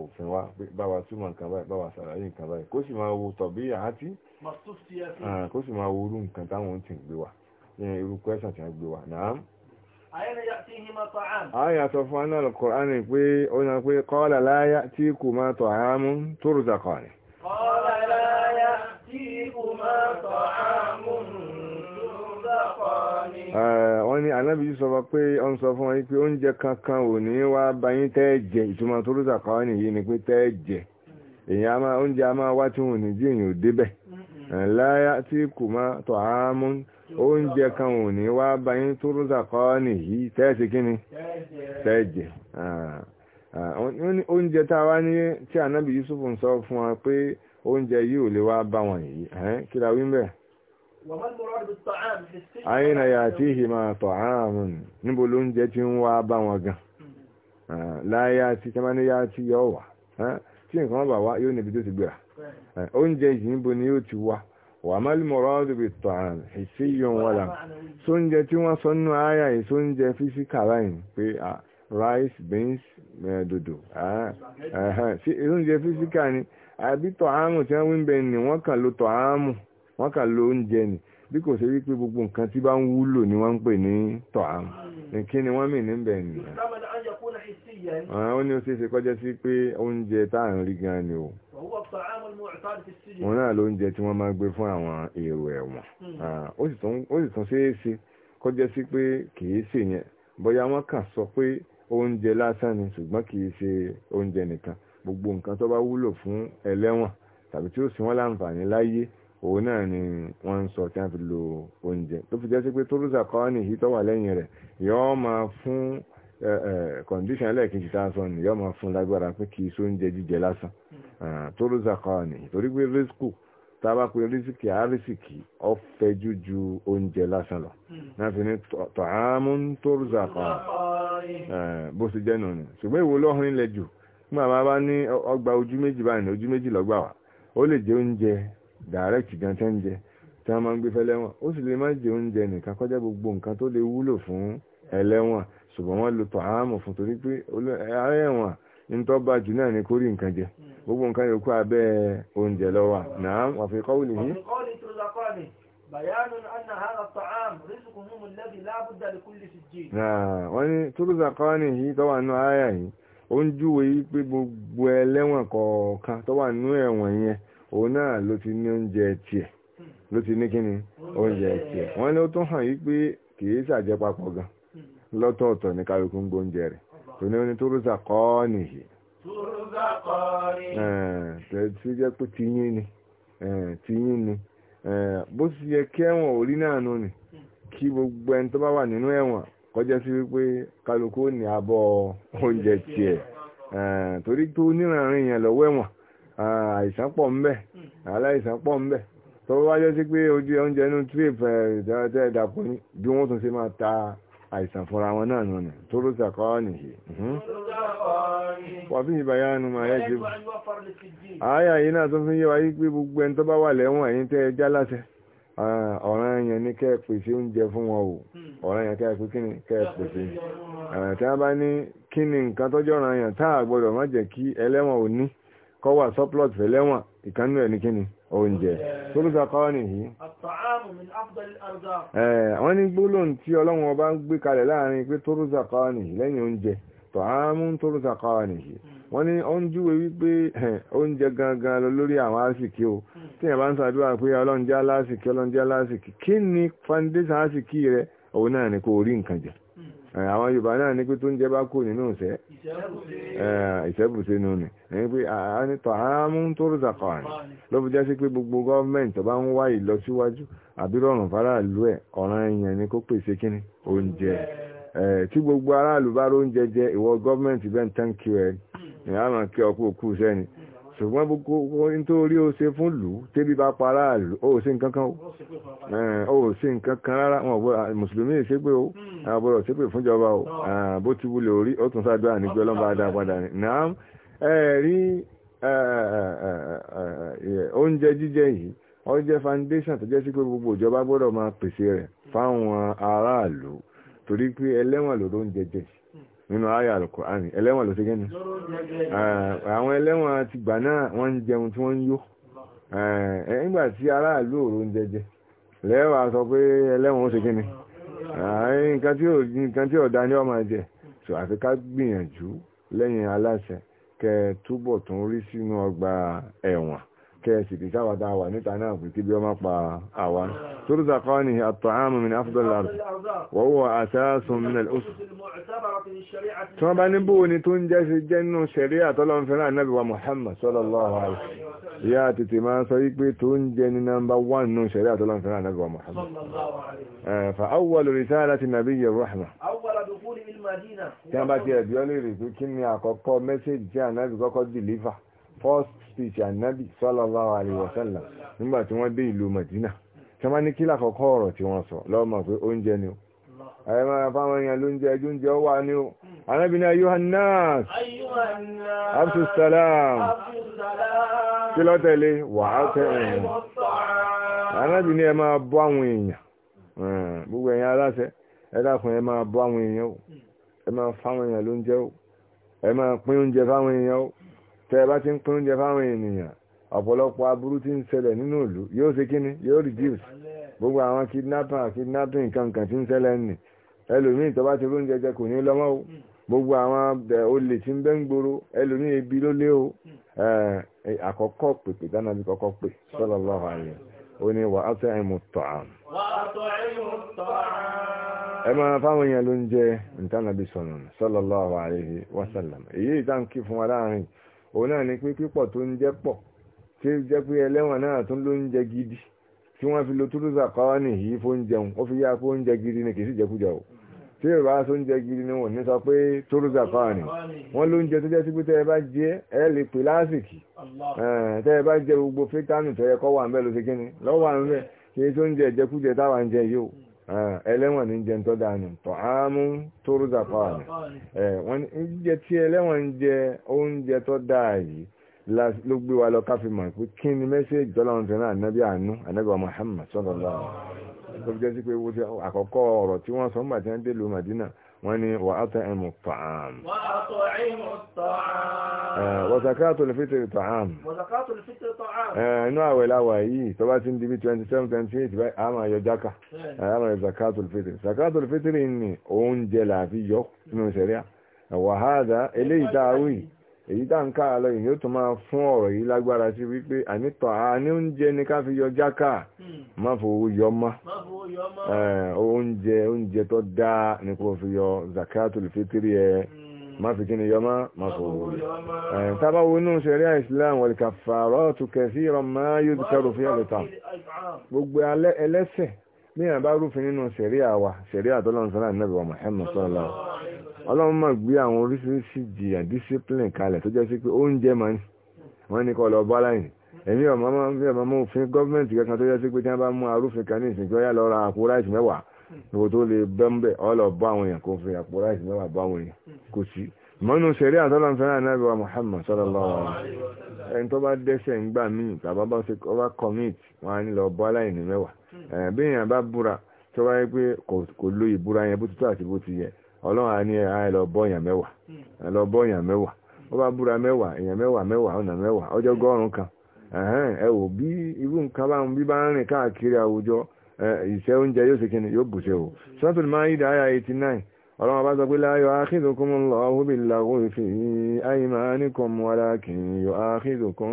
òfin wa báwa túmọ̀ nǹkan báyìí báwa ṣàlàyé nǹkan báyìí kó sì máa wo tọ̀bí àti Ah, kó sì máa wúrú nǹkan táwọn ti ń gbé wà ní irú kwẹ́sàn tí wọ́n gbé wà náà àyà sọ fún anáà Al-Qur'ani pé ó yàn pé qala la ya'tikuma ta'amun turzaqani qala la ya'tikuma ta'amun turzaqani eh, wọ́n ní anábì sọ pé ó sọ fún wọn pé oúnjẹ kankan ò ní wá báyín tẹ́ẹ̀jẹ̀ ìtumọ̀ turzaqani yìí ni pé tẹ́ẹ̀jẹ̀ èyàn oúnjẹ a máa wá tí wọn ò ní jí èyàn ò débẹ̀ láyá tí kò oúnjẹ kan ò ní wá báyín tó rúzà kọ́ nìyí tẹ́ẹ̀sì kí ni tẹ́ẹ̀jẹ̀ ah, ah, oúnjẹ tá a ní tí ànábì Yusuf ń wa pé oúnjẹ yìí ò lè wá bá wọn yìí eh, kí la wí ń bẹ̀ yàtí ìhìmà tọ̀ ámú níbo lóúnjẹ tí ń wá bá wọn gan ah, yọ wà eh, tí nǹkan wá yóò níbi tó ti oúnjẹ yìí níbo ni yóò ti wá wà málìmọ̀rọ̀ ọ̀dùbì tọ̀hán ìsí yọ̀n wọ́la sóúnjẹ tí wọ́n sọ nínú àyà yìí sóúnjẹ físíkà láyìn pé rice beans dodo sóúnjẹ físíkà ni àbí tọ̀hánù tí wọ́n wí bẹ́ẹ̀ ni wọ́n kàn lo tọ̀hánù wọ́n kàn lo oúnjẹ ni bí kò ṣe wípé gbogbo nǹkan tí bá ń wúlò ni wọ́n ń pè ní tọ̀ám kí ni wọ́n mì ní bẹ̀ ni ó ní ó ṣe é ṣe kọjá sí pé oúnjẹ táà ń rí gan ni o òun náà lóúnjẹ tí wọ́n máa gbé fún àwọn èrò ẹ̀wọ̀n hmm. ah, ó sì tún ṣe é ṣe kọjá sí pé kìí ṣe yẹn bóyá wọ́n kàn sọ pé oúnjẹ lásán ni ṣùgbọ́n kìí ṣe oúnjẹ nìkan gbogbo nǹkan tó bá wúlò fún ẹlẹ́wọ̀n tàbí tí ó sì wọ́n láǹfààní láyé òun náà ni wọ́n ń sọ tí wọ́n fi lo oúnjẹ tó fi jẹ́ sí pé tórúsà kọ́ ní ìhí lẹ́yìn rẹ̀ yọ́ máa fún kọ̀ǹdíṣàn ẹlẹ́ẹ̀kejì tá a sọ ni yọ́ máa fún lágbára pé kì í sóúnjẹ jíjẹ lásán hmm. tórúsà kọ́ torí pé rísíkù tá a bá pe rísíkì ju oúnjẹ lásán lọ hmm. náà fi ní bó ṣe ni ṣùgbọ́n ìwò lọ́hùn ilẹ̀ jù dàrẹ́kì gan tẹ́ ń jẹ tí wọ́n máa ń gbé fẹ́lẹ́wọ̀n ó sì lè má jẹ kọjá gbogbo nǹkan tó lè wúlò fún ẹlẹ́wọ̀n ṣùgbọ́n wọ́n lo tọ̀hámù fún torí pé ẹlẹ́wọ̀n nítọ́ bá jù náà ni kórì nǹkan jẹ gbogbo nǹkan yòókù abẹ́ oúnjẹ lọ́wọ́ náà wà fi wọ́n ní yìí ó ń júwe pé gbogbo ẹlẹ́wọ̀n kọ̀ọ̀kan òun náà ló ti ní oúnjẹ tiẹ̀ ló ti ní kíni oúnjẹ tiẹ̀ wọ́n ní ó tún hàn yí pé kìí ṣàjẹ gan lọ́tọ̀ọ̀tọ̀ ní kálukú ń gbóúnjẹ rẹ̀ tó ní oní kọ́ nìyí pé tiyín ni tiyín ni bó sì yẹ kí ẹ̀wọ̀n orí náà nù ni kí gbogbo ẹni tó bá wà nínú ẹ̀wọ̀n kọjá sí wípé kálukú ní abọ́ oúnjẹ tiẹ̀ torí tó yẹn àìsàn pọ̀ ń bẹ hmm. aláìsàn pọ̀ ń tó jẹ́ sí pé ojú oúnjẹ inú trip ní bí wọ́n tún ṣe máa ta àìsàn fúnra wọn náà nù ní tó nìyí. nu máa yẹ jù. náà tó gbogbo ẹni tó bá wà lẹ́wọ̀n tẹ́ ẹ já láṣẹ ọ̀ràn yẹn fún wọn o hmm. ọ̀ràn yẹn kẹ́ pé kí ni kẹ́ pèsè tí wọ́n ni nǹkan tọ́jú ọ̀ràn yẹn kọ́ wà surplus fẹ̀lẹ́wọ̀n ìkánú ẹ̀ ní kíni oúnjẹ tó ló sọ kọ́ nìyí. wọ́n ní gbólóhùn tí ọlọ́run ọba ń gbé kalẹ̀ láàrin pé tó ló sọ kọ́ nìyí lẹ́yìn oúnjẹ tọ̀hámú tó ló sọ kọ́ nìyí wọ́n ní ó ń júwe wípé oúnjẹ gangan lọ lórí àwọn àsìkí o tí ẹ̀ bá ń sàdúrà pé ọlọ́run jẹ́ alásìkí ọlọ́run jẹ́ alásìkí kí Eh, àwọn Yorùbá náà ní pé tó ń jẹ bá kú nínú ìṣẹ́ eh, ìṣẹ́bùṣe nù ní ẹni pé àánì tọ̀hámú tó rò zàkọ̀ọ̀rìn ló fi jẹ́ sí pé gbogbo gọ́ọ̀mẹ̀ntì bá ń wá ìlọsíwájú àbírọ̀rùn faraàlú ẹ̀ ọ̀ràn èèyàn ni kó pèsè kíní oúnjẹ eh, tí gbogbo aráàlú bá róúnjẹ jẹ ìwọ gọ́ọ̀mẹ̀ntì bẹ́ẹ̀ tán kí ẹ ṣùgbọ́n gbogbo nítorí ó ṣe fún lù tébí bá para ó ṣe nǹkan kan ó ṣe nǹkan kan rárá wọn ọ̀gbọ́n mùsùlùmí ṣe pé ó àbọ̀rọ̀ hmm. ṣe pé fúnjọba ó bó ti wulẹ̀ orí ó tún sáájú ànígbé ọlọ́mọba adá padà ní. náà ẹ̀rí oúnjẹ jíjẹ yìí ó jẹ́ foundation tó jẹ́ sí pé gbogbo ìjọba gbọ́dọ̀ máa pèsè rẹ̀ fáwọn aráàlú torí pé ẹlẹ́wọ̀n lòdó oúnjẹ jẹ yìí nínú ayé alukur'ani ẹlẹ́wọ̀n ló ti gẹ́ni àwọn ẹlẹ́wọ̀n ti gbà náà wọ́n ń jẹun tí wọ́n ń yó nígbà tí aráàlú òru ń jẹjẹ lẹ́wà sọ pé ẹlẹ́wọ̀n ó ti gẹ́ni nǹkan tí ọ̀dá ni ọmọ jẹ so àfi ká gbìyànjú lẹ́yìn aláṣẹ kẹ túbọ̀ tún rí sínú ọgbà ẹ̀wọ̀n kẹ́ẹ̀sì kì sáwà tá a wà níta náà kò kíbi ọmọ pa àwa tórúta kọ́ ni àtọ̀hámù mi ní afdọ́lá rẹ̀ wọ́wọ́ àṣáṣùn mi nàlẹ́ oṣù tí wọ́n bá ní bóò ni tó ń jẹ́ sí jẹ́ nínú ṣẹ̀rí àtọ́lọ́n Muhammad sallallahu first speech ànábì sallallahu alaihi wasallam nígbà tí wọ́n dé ìlú Madina tí wọ́n ní kí lákọ̀ọ́kọ́ ọ̀rọ̀ tí wọ́n sọ lọ́mọ pé oúnjẹ ni ó ayé máa fáwọn èèyàn lóúnjẹ oúnjẹ ó wà ní ó ànábì ní abdulsalam kí ló tẹ̀lé wàá tẹ̀ ẹ̀yìn ànábì ẹ máa bọ́ àwọn èèyàn gbogbo ẹ̀yin aláṣẹ ẹ ẹ máa bọ́ àwọn èèyàn ó ẹ máa fáwọn èèyàn lóúnjẹ ó ẹ máa pín oúnjẹ fáwọn èèyàn ó tẹ́ bá ti ń pín oúnjẹ fáwọn ènìyàn ọ̀pọ̀lọpọ̀ aburú ti ń ṣẹlẹ̀ nínú ìlú yóò se kíni yóò reduce gbogbo àwọn kidnapper kidnapping kankan tí ń ṣẹlẹ̀ nì ẹlòmíì tó bá ti rún jẹjẹ kò ní lọ́mọ́ o gbogbo àwọn olè ti ń bẹ ń gbòòrò ẹlòmíì ebi ló lé o àkọ́kọ́ pèpè dáná bí kọ́kọ́ pè ní wà á ẹ máa fáwọn èèyàn ló ń jẹ ntánàbí èyí ìtàn kí fún òun náà ni pé pípọ̀ tó ń jẹ́ pọ̀ tí ó jẹ́ pé ẹlẹ́wọ̀n náà tún ló ń jẹ gidi tí wọ́n fi lo túrúzà kọ́ nìyí fóun jẹun ó fi yá pé oúnjẹ gidi ni kì í sì jẹkújẹ o tí èrò bá tó ń jẹ gidi ni wọ́n ní sọ pé túrúzà kọ́ ni wọ́n ló ń jẹ tó jẹ́ sí tẹ́ ẹ bá jẹ ẹ lè pè lásìkì tẹ́ ẹ bá jẹ gbogbo fítámì tó yẹ kọ́ wà ń bẹ́ẹ̀ ló ṣe kí ni lọ́wọ́ wà ń bẹ́ẹ̀ kì í tó ń jẹ ìjẹkújẹ táwa jẹ yìí o Ah, ẹlẹ́wọ̀n eh, ní jẹ anyị dánù tọ́ ámú tó rúzà pàánù wọ́n jẹ tí ẹlẹ́wọ̀n ń jẹ oúnjẹ tọ́ dáa yìí ló gbé wa lọ káfí mọ̀ pé kí ni mẹ́sẹ̀jì tọ́lọ́run tẹ̀lé lu Madina wọ́n ní wà á tẹ́ẹ̀mù tààm wàzàkátù lè fítìrì tààm inú àwẹ̀ láwà yìí tó bá ti ń dìbí 27-28 bá a máa yọ jáka eh, a máa yọ zakátù lè fítìrì zakátù lè oúnjẹ làfi yọ nínú ìṣẹ̀ríà wàhádà eléyìí dáa èyí tá ń ká lọ yìí yóò tún máa fún ọ̀rọ̀ yìí lágbára sí wípé ànítọ̀ àní oúnjẹ ni ká fi yọ jáká hmm. má fowó yọ mọ́ oúnjẹ oúnjẹ tó dáa ni kò fi yọ zakatul fitri ẹ hmm. má fi kí ni yọ mọ́ má fowó yọ tábà wo inú sẹ̀ríà islam wal kafaratu kathiran ma yudhkaru fi ẹ̀lẹ́ta gbogbo ẹlẹ́sẹ̀ bí yàn bá rúfin nínú sẹ̀ríà wa sẹ̀ríà tọ́lọ́run sọ́lá nàbẹ̀ wa Muhammad sọ́lá ọlọ́run máa gbé àwọn oríṣiríṣi jìyà discipline kalẹ̀ tó jẹ́ sí pé oúnjẹ máa ń wọ́n ní kọ́ lọ bá láyìn èmi ọ̀mọ́ máa ń fi ọ̀mọ́ mú òfin gọ́ọ̀mẹ̀ntì kankan tó jẹ́ sí pé tí wọ́n bá mú arúfin kan ní ìsìn kí wọ́n yá lọ ra àpò ráìsì mẹ́wàá ìwò tó lè bẹ́ńbẹ̀ ọlọ bá àwọn èèyàn kò fi àpò ráìsì mẹ́wàá bá àwọn èèyàn kò sí mọ́nú sẹ̀rí àtọ́lọ́n fẹ́ràn náàbí wa Muhammad sallallahu alaihi wasallam ẹni tó bá dẹ́sẹ̀ ń gbà míì tàbá bá commit wọn á ní lọ bọ́ aláìní mẹ́wàá béèyàn bá búra tó bá yẹ pé kò lo ìbúra yẹn bó ti tó àti bó ti yẹ ọlọ́run á ní ẹ lọ bọ́ọ̀yàn mẹ́wàá ẹ lọ bọ́ọ̀yàn mẹ́wàá ó bá búra mẹ́wàá èèyàn mẹ́wàá mẹ́wàá ọ̀nà mẹ́wàá ọjọ́ kan ẹ wò bí irú nǹkan bá ń bí bá ń rìn káàkiri àwùjọ o sọ́tún máa ń yí eighty رابطك لا يؤاخذكم الله باللغو في أيمانكم ولكن يؤاخذكم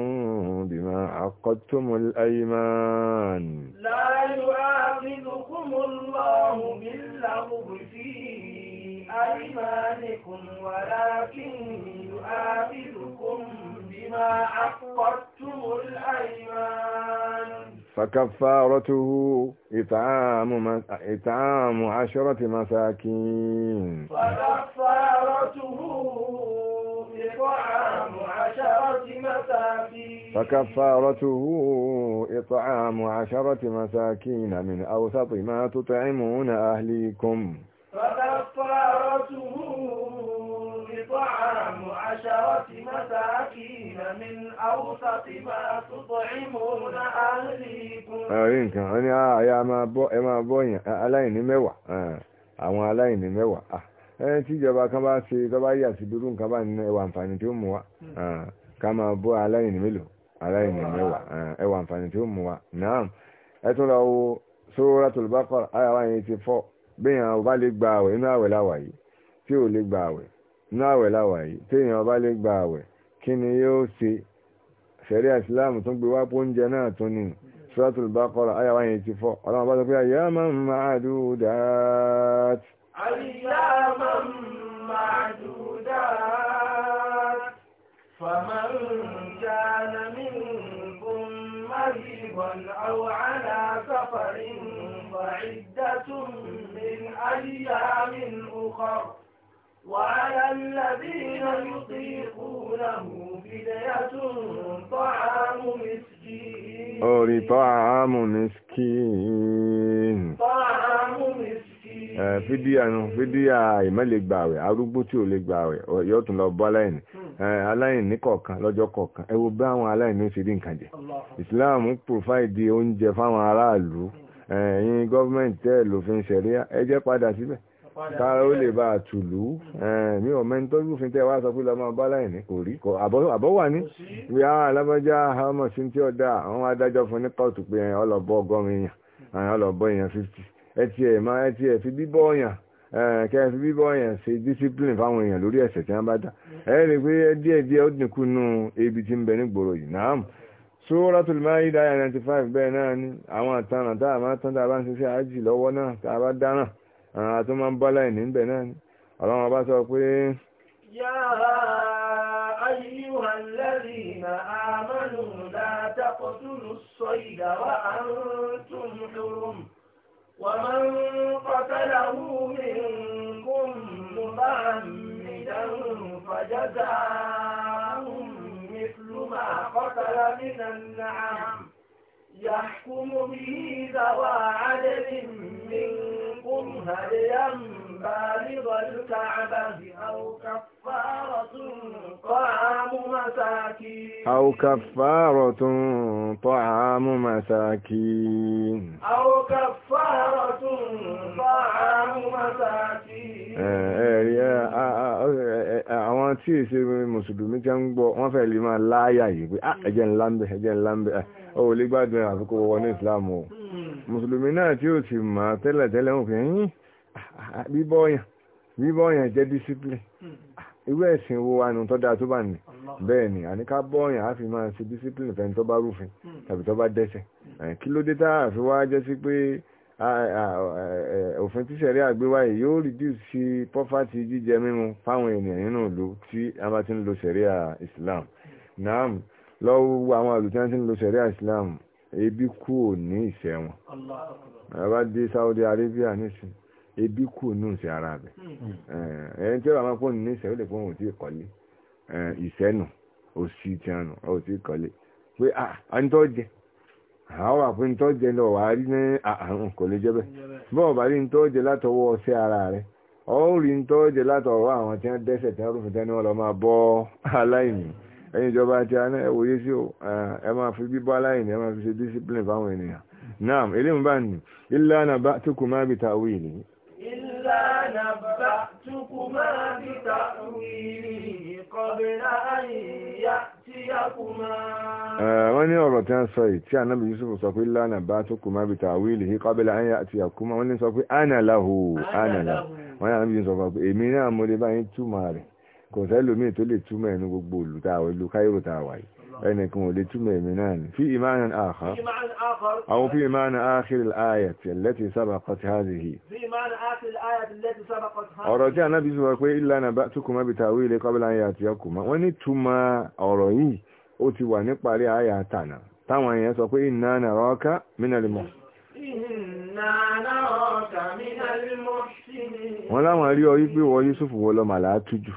بما عقدتم الأيمان لا يؤاخذكم الله باللغو في أيمانكم ولكن يؤاخذكم بما عقدتم الأيمان فكفارته إطعام, إطعام عشرة مساكين فكفارته إطعام عشرة مساكين فكفارته إطعام عشرة مساكين من أوسط ما تطعمون أهليكم فكفارته إطعام عشرة مساكين من أوسط ما تطعمون أهليكم. أي nǹkan wọ́n ní àyà ah, máa bọ́ ẹ máa bọ́ yẹn aláìní mẹ́wàá àwọn aláìní mẹ́wàá ẹni tíjọba kan bá ṣe tó bá yà sí dúró nǹkan bá ní ẹwà àǹfààní tí mú wa ká máa bọ́ aláìní mélòó aláìní mẹ́wàá ẹwà àǹfààní tí mú wa náà ẹ tún lọ wo Suratul Baqara àyà wa ti fọ́ béèyàn ọba lè gba àwẹ̀ inú àwẹ̀ láwà yìí tí ò lè gba àwẹ̀ inú àwẹ̀ láwà yìí téèyàn ọba lè gba àwẹ̀ kí ni yóò ṣe ṣẹ̀ríà ìsìláàmù tún gbé wá póúnjẹ náà tún ni suratul baqara ayàwá yẹn ti fọ́ ọlọ́run bá sọ pé ayyaman ma'dudat. ayyaman ma'dudat faman kana minkum maridan aw ala safarin fa iddatun أيام أخر وعلى الذين يطيقونه فدية طعام مسكين طعام مسكين طعام مسكين fídíà nù fídíà ìmọ̀lẹ́gbà rẹ̀ arúgbó tí ò lè gbà rẹ̀ yóò tún lọ bọ́ aláìní hmm. eh, aláìní kọ̀ọ̀kan lọ́jọ́ kọ̀ọ̀kan ẹ wo bí àwọn aláìní ó ṣe rí nǹkan jẹ Islam pòfáìdì oúnjẹ fáwọn aráàlú. Hmm ẹ̀yin gọ́ọ̀mẹ̀ntì tẹ́ lòfin ṣẹ̀ríà ẹ jẹ́ padà síbẹ̀ kára ó lè bá a tùlú mi ò mẹ́ni tó lúfin tẹ́ wá sọ pé lọ́mọ bá láì ní kò rí kọ àbọ̀ wà ní bí àwọn alábọ́já ọmọ sí tí ọ̀dà àwọn adájọ́ fún ní kóòtù pé ọlọ́bọ ọgọ́rin èèyàn ọlọ́bọ èèyàn fifty ẹ ti ẹ̀ máa ẹ ti ẹ̀ fi bíbọ́ ọ̀yàn kẹ́ ẹ fi bíbọ́ ọ̀yàn ṣe discipline fáwọn èèyàn lórí ẹ̀sẹ̀ tí wọ́n bá dà ẹ rí i pé díẹ̀ ó dínkù nù ebi tí ń bẹ nígboro yìí náà Suratul Maida àyà 95 bẹ́ẹ̀ náà ni àwọn àtànà tá a máa tán tá a bá ń ṣiṣẹ́ àjì lọ́wọ́ náà tá a bá dáná àwọn àtún máa ń bá láì ní bẹ̀ náà ni ọlọ́run ọba sọ pé. yá ayyuhal ladhina amanu la wa antum wa man qatalahu minkum muta'ammidan fajazaa. ما قتل من النعم يحكم به ذوى عدل منكم هديا بالغ الكعبة أو كفارة طعام مساكين أو كفارة طعام مساكين أو كفارة طعام مساكين ẹ̀rí àwọn tí ìṣe mùsùlùmí jẹ́ ń gbọ́ wọ́n fẹ́ lè máa láyà yìí pé ah, ẹjẹ́ ńlá ń bẹ ẹjẹ́ ńlá ń bẹ ó ah, lè gbádùn àfikún wọ́n ní ìsìlámù hmm. mùsùlùmí náà tí ó ti mọ̀ tẹ́lẹ̀tẹ́lẹ̀ òfin yìí bíbọ́ ọ̀yàn bíbọ́ ọ̀yàn jẹ́ discipline hmm. irú ẹ̀sìn wo anù tó dáa tó bá ní bẹ́ẹ̀ ni àníká bọ́ ọ̀yàn á fi máa ṣe discipline fẹ́ni tó bá rúfin hmm. tàbí tó bá dẹ́sẹ̀ hmm. kí ló dé tá a fi wá jẹ́ sí pé òfin tí sẹ̀rí àgbéwá yìí yóò reduce sí pọ́fàtì jíjẹ mímu fáwọn ènìyàn nínú ìlú tí a bá ti ń lo sẹ̀ríà Islam náà lọ́wọ́ àwọn àlùtí ń lo sẹ̀ríà Islam ebi kú ò ní ìṣẹ́ wọn. àbá dé Saudi Arabia nísìnyí ebi kù nù sí ara rẹ̀ hmm. eh, ẹni tí ó bá máa pọ̀ ní ìṣẹ́ ó lè pọ̀ òun tí kọ́lé eh, ìṣẹ́nu òsì tí a nù òun tí kọ́lé pé à ń tọ́ jẹ àwọn àfin tó jẹ lọ wà rí ní àrùn kò lè jẹ bẹ bọ́ọ̀ bá rí ní tó jẹ látọwọ́ ọsẹ ara rẹ ọ̀hún rí ní tó jẹ látọwọ́ àwọn tí wọ́n dẹ́sẹ̀ tí wọ́n rúfin tẹ́ni wọ́n lọ máa bọ́ aláìní ẹ̀yin ìjọba ti aná ẹ wòye sí o ẹ máa fi bíbọ́ aláìní ẹ máa fi ṣe discipline fáwọn ènìyàn náà eléyìí bá ní ilé àná bá tó kù má bìtà wíìlì إذا نبأتكما بتأويله قبل أن يأتيكما wọ́n ní ọ̀rọ̀ tí wọ́n sọ yìí tí anábì yusuf sọ pé lánà bá tó kù má bìtà wíìlì yìí kọ́bílà ayé àti àkúmọ̀ wọ́n ní sọ pé ánà láhù ánà láhù wọ́n ní sọ pé èmi náà mo lè báyìí túmọ̀ rẹ̀ kò sẹ́lòmíì tó lè túmọ̀ gbogbo olùtàwọ̀ ìlú ẹnìkan ò lè túmọ̀ èmi náà ni fi imanin akhar aw fi imanin akhir al-ayat allati sabaqat hadhihi ọ̀rọ̀ tí anábi sọ pé illa naba'tukuma bitawili qabla an ya'tiyakuma wọ́n ní túmọ̀ ọ̀rọ̀ yìí ó ti wà ní parí àyà tànà táwọn èèyàn sọ pé inna naraka minal muhsinin wọ́n láwọn rí ọ yí pé wọ́n Yusuf wọ́n lọ màlá tújù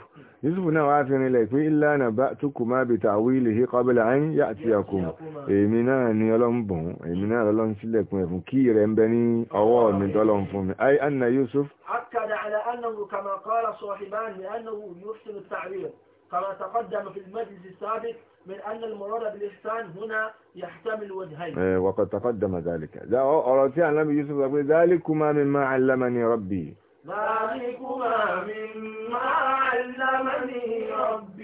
يوسف نوع عافين إليكم إلا نبأتكما بتعويله قبل أن يأتيكم إمنا نيالهم بون إمنا لهم سلكم يفهم كير أمبني أوان من دولهم فهم أي أن يوسف أكد على أنه كما قال صاحبان لأنه يحسن التعبير كما تقدم في المجلس السابق من أن المراد بالإحسان هنا يحتمل وجهين وقد تقدم ذلك ذا أرتي لم يوسف يقول ذلكما مما علمني ربي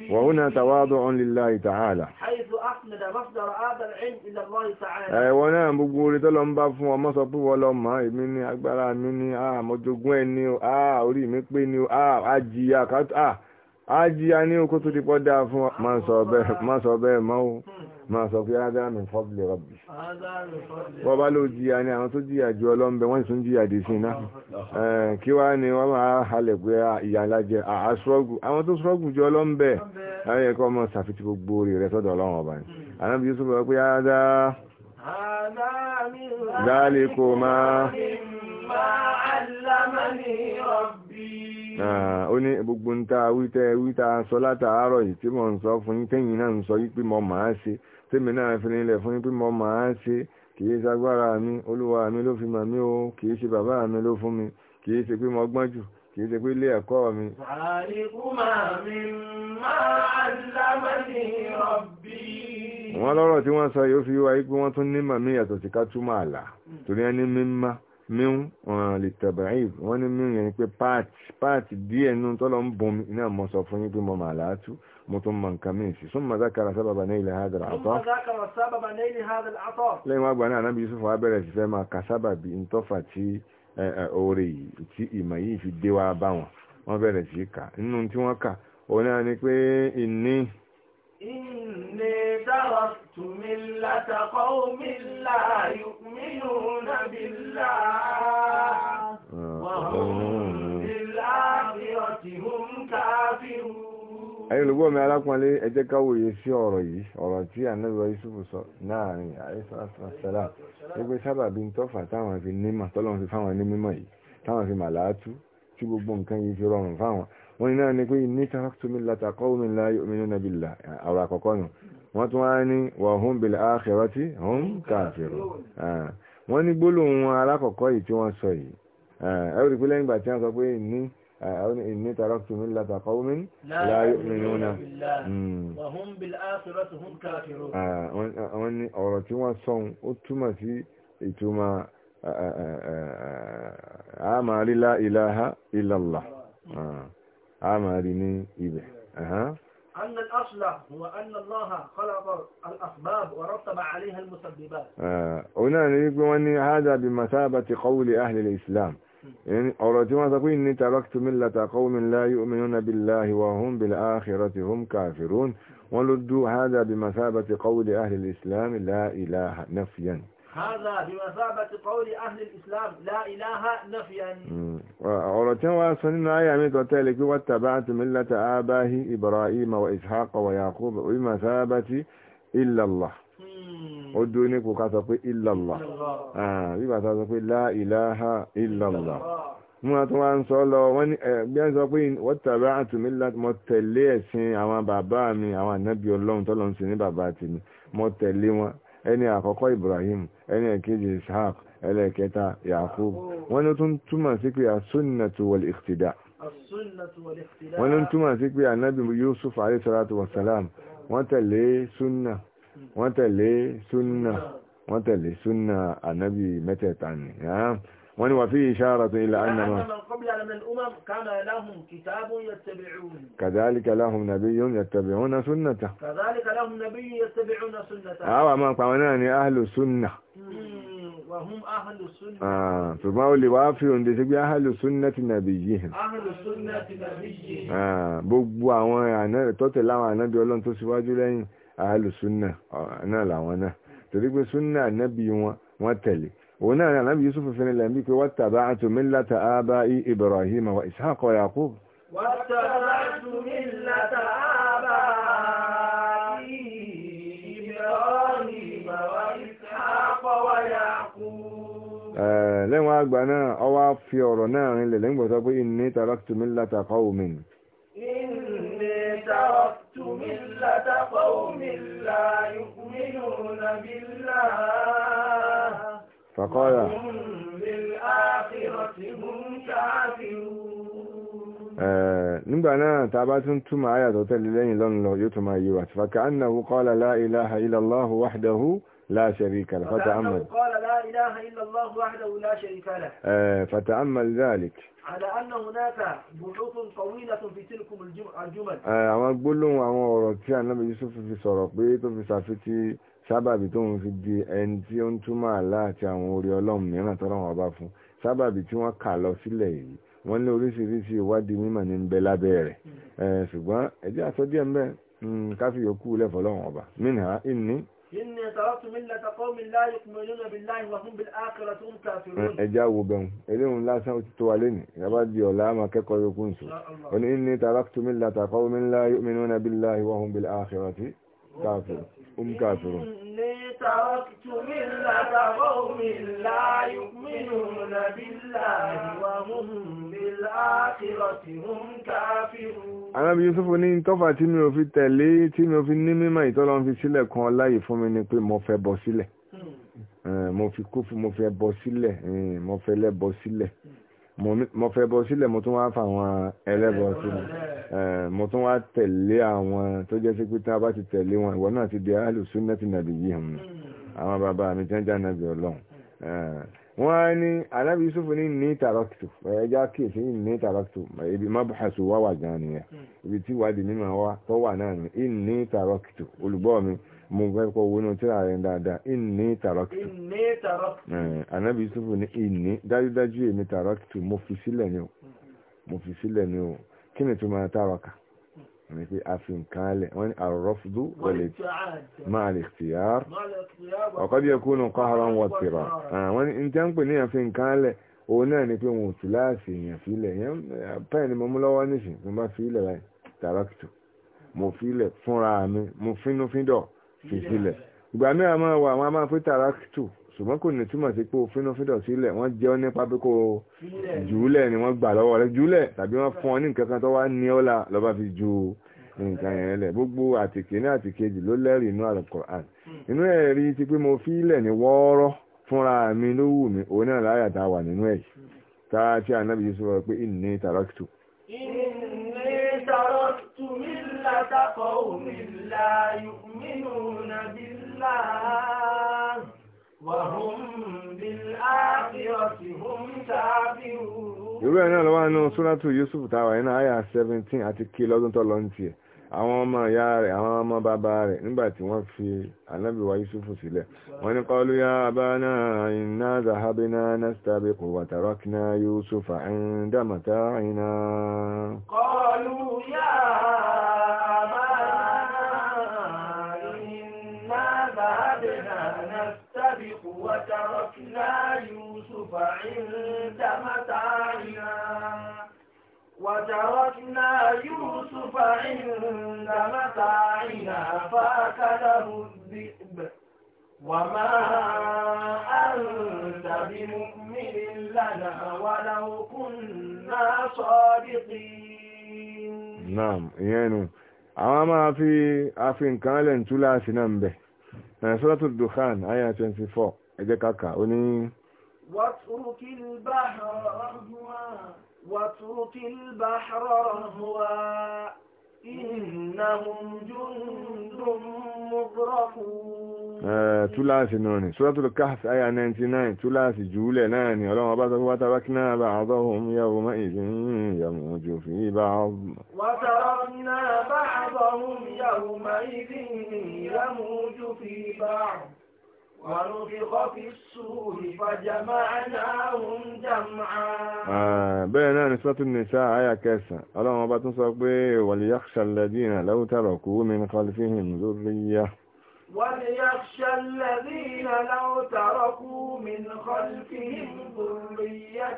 وهنا تواضع لله تعالى حيث أحمد مصدر هذا العلم إلى الله تعالى ẹ̀wọ̀n náà gbogbo orí tọ́lọ ń bá fún ọ mọ́ sọ pé wọ́n lọ mọ́ èmi ní agbára mi ní àmójogún ẹni o àà orí mi pé ni o àà ajíyà kátó àà ajíya ní okó tó ti pọ́dá fún ma sọ bẹ́ẹ̀ mọ́ ma sọ pé ádánù fọ́bìlì rọ̀bì wọ́n bá ló jíya ní àwọn tó jíya jù ọlọ́m̀bẹ̀ wọ́n tún jíya dì sí iná kí wá ní wọ́n máa halẹ̀ pé ah, ìyàlájẹ́ àṣọ́gù àwọn tó ṣọ́gù ربي Ah, ó ní gbogbo ń ta wítẹ́ wíta sọ látàárọ̀ yìí tí mo ń sọ fún yín tẹ́yìn náà ń sọ yí pé mo máa ṣe tèmi náà fi nílẹ̀ fún yín pé máa ṣe kìí ṣagbára mi olúwa mi ló fi mà mí o kìí ṣe bàbá mi ló fún mi kìí ṣe pé mo gbọ́n jù kìí ṣe pé ilé ẹ̀kọ́ mi. wọ́n lọ́rọ̀ tí wọ́n sọ yóò fi wáyé pé wọ́n tún ní màmí yàtọ̀ sí ká túmọ̀ àlà torí ẹni mímá mín ọ̀ràn eh, lè tàbáyìí wọ́n ní mín yẹn pé páàtì páàtì díẹ̀ nínú tọ́lọ̀ ń bomi iná mọ́ sọ fún yín pé mọ́ màá látú mo tún mọ̀ nǹkan mí sí súnmọ́ zákàrà sábàbà ní ilẹ̀ hadal àtọ́ lẹ́yìn wá gbà náà anábì Yusuf wa bẹ̀rẹ̀ sí fẹ́ máa ka sábàbí ntọ́fà tí oore yìí tí ìmọ̀ yìí fi dé إني تركت ملة قوم لا يؤمنون بالله وهم بالآخرة olùgbọ́ mi alákùnrin ẹ jẹ́ ká sí ọ̀rọ̀ yìí ọ̀rọ̀ tí ànábì Yúsúfù sọ láàrin àìsàsàlá wípé sábàbí ń tọ́fà táwọn fi nímọ̀ tọ́lọ́run fi fáwọn ní yìí táwọn fi màláàtú tí gbogbo nǹkan yìí fi rọrùn fáwọn wọ́n náà ni pé ní taraktu millata qawmin la yu'minuna billah àwọn àkọ́kọ́ nù wọ́n tún wá ní wa hum bil akhirati hum kafirun wọ́n ní gbólóhùn alákọ̀ọ́kọ́ yìí tí wọ́n sọ yìí ẹ̀rù pé ìgbà tí wọ́n sọ pé ní àwọn inni taraktu millata qawmin la yu'minuna wa ìtumọ̀ àmàlí la ilaha illallah. àmàrí ní أها أن الأصل هو أن الله خلق الأسباب ورتب عليها المسببات. آه، هنا نقول أن هذا بمثابة قول أهل الإسلام. يعني أردت ما تقول إني تركت ملة قوم لا يؤمنون بالله وهم بالآخرة هم كافرون ولدوا هذا بمثابة قول أهل الإسلام لا إله نفيا هذا بمثابة قول أهل الإسلام لا إله نفيا hmm. ọ̀rọ̀ tí wọ́n sọ nínú ayà mi tó tẹ́lẹ̀ pé wattaba'tu millata abahi ibrahim wa ishaq wa yaqub wa bimathabati illa Allah hmm. ó dúró ní kò ká sọ pé illa Allah ah, bí bá sọ pé la ilaha illa Allah mú àtún wá ń sọ lọ wọ́n ní eh, bí wọ́n sọ pé wattaba'tu millata mo tẹ̀lé ẹ̀sìn àwọn bàbá mi àwọn ànábì ọlọ́run tọ́lọ́run sí ní bàbá tèmi mo tẹ̀lé wọn ẹni àkọ́kọ́ Ibrahim ẹni ẹ̀kejì Ishaq ẹlẹ́ẹ̀kẹta Yaqub wọ́n ló tún túmọ̀ sí pé as-sunnatu wal-iqtida wọ́n ló túmọ̀ sí pé anabi Yusuf alayhi salatu wassalam wọ́n tẹ̀lé sunna wọ́n tẹ̀lé sunna wọ́n tẹ̀lé sunna anabi mẹ́tẹ̀ẹ̀ta ni من وفيه إشارة إلى ان من قبل من الأمم كان لهم كتاب يتبعون كذلك لهم نبي يتبعون سنته كذلك لهم نبي يتبعون سنته أو آه، ما قوناني أهل السنة وهم أهل السنة آه. ثم أولي وافي عندي أهل السنه نبيهم أهل السنه نبيهم آه. بقوا وانا توتلا وانا بيولون توسواجوا لين أهل السنة آه، أنا لا وانا تريد سنة نبي وانا وتلي هنا النبي يوسف في الأمريكا واتبعت ملة آبائي إبراهيم وإسحاق ويعقوب واتبعت ملة آبائي إبراهيم وإسحاق ويعقوب آه، لن أقبنا أو أفيرنا لن أقول إني تركت ملة قوم إني تركت ملة قوم لا يؤمنون بالله فقال آه، نبا انا تعبتن تما ايا دوتل لين لون لو يوتما يوا فكانه قال لا اله الا الله وحده لا شريك له فتامل قال لا اله الا الله وحده لا شريك له آه، فتامل ذلك على ان هناك بحوث طويله في تلك الجمل اه عم لهم عم اورتي النبي يوسف في صرف بيته وفي صفتي sábàbí tó ń fi di ẹni tí ó ń túmọ̀ àlá àti àwọn orí ọlọ́run mìíràn tọ́lá wọn bá fún sábàbí tí wọ́n kà lọ sílẹ̀ yìí wọ́n ní oríṣiríṣi ìwádìí mímọ̀ ní ń bẹ lábẹ́ rẹ̀ ṣùgbọ́n ẹ̀jẹ̀ àsọdíẹ̀ ń bẹ hmm, káfí yòókù lẹ́fọ̀ọ́ lọ́wọ́n ọba mínà ìní inni taraktu millata qaumin la yu'minuna billahi wa hum bil akhirati hum kafirun ẹja wo bẹ̀rún eléhùn lásán ó ti tó wa lẹ́nì yàbá di ọ̀la àmà kẹ́kọ̀ọ́ yókù ń sọ ó ní inni taraktu millata qaumin la yu'minuna billahi wa hum bil akhirati هم كافرون إني تركت ملة قوم لا يؤمنون بالله وهم بالآخرة هم كافرون Ànábì Yúsúfù ní tọ́fà tí mi ò fi tẹ̀lé tí mi ò fi ní mímọ̀ ìtọ́lọ́run fi sílẹ̀ kan ọláyè fún mi ni pé mo fẹ́ bọ́ sílẹ̀ hmm. eh, mo fi kúfù mo fẹ́ bọ́ sílẹ̀ eh, mo fẹ́ lẹ́bọ́ sílẹ̀ mo fẹ́ bọ́ sílẹ̀ mo tún wá fa àwọn ẹlẹ́bọ sílẹ̀ mo tún wá tẹ̀lé àwọn tó jẹ́ sí pé tá a bá ti tẹ̀lé wọn ìwọ náà ti di alùsùn náà ti nàbì yìí hàn àwọn bàbá mi jẹ́ jẹ́ nàbì ọlọ́run wọ́n á ní alábi yusuf ní ní tàràkìtù ẹja kíyèsí ní ní tàràkìtù ibi mabahasu wá wà gan nìyẹn ibi tí wàá di mímọ̀ wá tó wà náà ní ní tàràkìtù olùgbọ́ mi mo fẹ́ kọ́ wọnú tíra rẹ̀ dáadáa ìní tàrọ́kìtù anábì yusufu ní ìní dájúdájú èmi tàrọ́kìtù mo fi sílẹ̀ ni o mo fi sílẹ̀ ni o kí ni tó máa tàrọ́kà ní pé a fi nǹkan alẹ̀ wọ́n ní àrọ́fdú wọlé máa lè tìyàr ọ̀kọ́ díẹ̀ kú nù kọ́hárọ̀ wọ́n tìrọ̀ wọ́n ní ní tẹ́ǹpẹ̀ ní àfi nǹkan alẹ̀ òun náà ni pé wọn ò tìláàsì èèyàn fílẹ̀ yẹn mo mú lọ́wọ́ nísìn mo bá fílẹ̀ láì tàrọ́kìtù mo fílẹ̀ fúnra mi mo fínúfíndọ̀ fi sílẹ̀ ìgbà mìíràn máa wà wọn a máa fi tààràtù ṣùgbọ́n kò ní túmọ̀ sí pé òfin fídọ̀ sílẹ̀ wọ́n jẹ́ nípa pé kò jùúlẹ̀ ni wọ́n gbà lọ́wọ́ rẹ jùúlẹ̀ tàbí wọ́n fún ọ ní nǹkan kan tó wá ní ọ́là lọ́ba fi ju nǹkan yẹn lẹ̀ gbogbo àtìkè ní àtìkejì ló lẹ́rìí inú al hmm. inú ẹ̀ rí ti pé mo fi ilẹ̀ ní wọ́ọ́rọ́ fúnra mi ló wù mí òun náà láyà tá a wà nínú ẹ̀ tá a ti ànábìyí sọ pé ìní tàràkìtù. ìní tàràkìtù mi قلة قوم لا يؤمنون بالله وهم بالآخرة هم كافرون irú ẹ̀ náà lọ́wọ́ inú súrátù Yusuf táwà iná àyà 17 àti kí lọ́dún tó lọ ń tiẹ̀ àwọn ọmọ ìyá rẹ̀ àwọn ọmọ bàbá rẹ̀ nígbàtí wọ́n fi anábìwá Yusuf sílẹ̀ wọ́n ní qalu ya abana inna zahabna nastabiqu wa tarakna Yusufa inda mata'ina qalu ya تركنا يوسف عند متاعنا فأكله الذئب وَمَا أَنْتَ بمؤمن لنا وَلَوْ كُنَّا صَادِقِينَ نعم يانو àwọn máa fi àfi nǹkan lẹ̀ ń túlá sí náà ń bẹ̀. Sọ́lọ́tù Dukhan, Aya 24, ẹjẹ́ kàkà, ó ní. Wàtúrùkì bá àwọn ọmọ واترك البحر رهوا إنهم جند مغرقون túláàsì náà ni Suratul Kahf àyà 99 túláàsì jùúlẹ̀ náà ni ọlọ́run ọba sọ́kọ́ wátàrákínà ba'dahum yawma idhin yamuju fi ba'd. wátàrákínà ba'dahum yawma idhin yamuju fi ba'd. ونفخ في السور فجمعناهم جمعا bẹ́ẹ̀ náà ni sọ́tù nìsá àyà kẹsàn ọlọ́run ọba tún sọ pé wàlìyàkṣà lẹ́dínà law taraku min khalfihim zurriya وليخشى الذين لو تركوا من خلفهم ذرية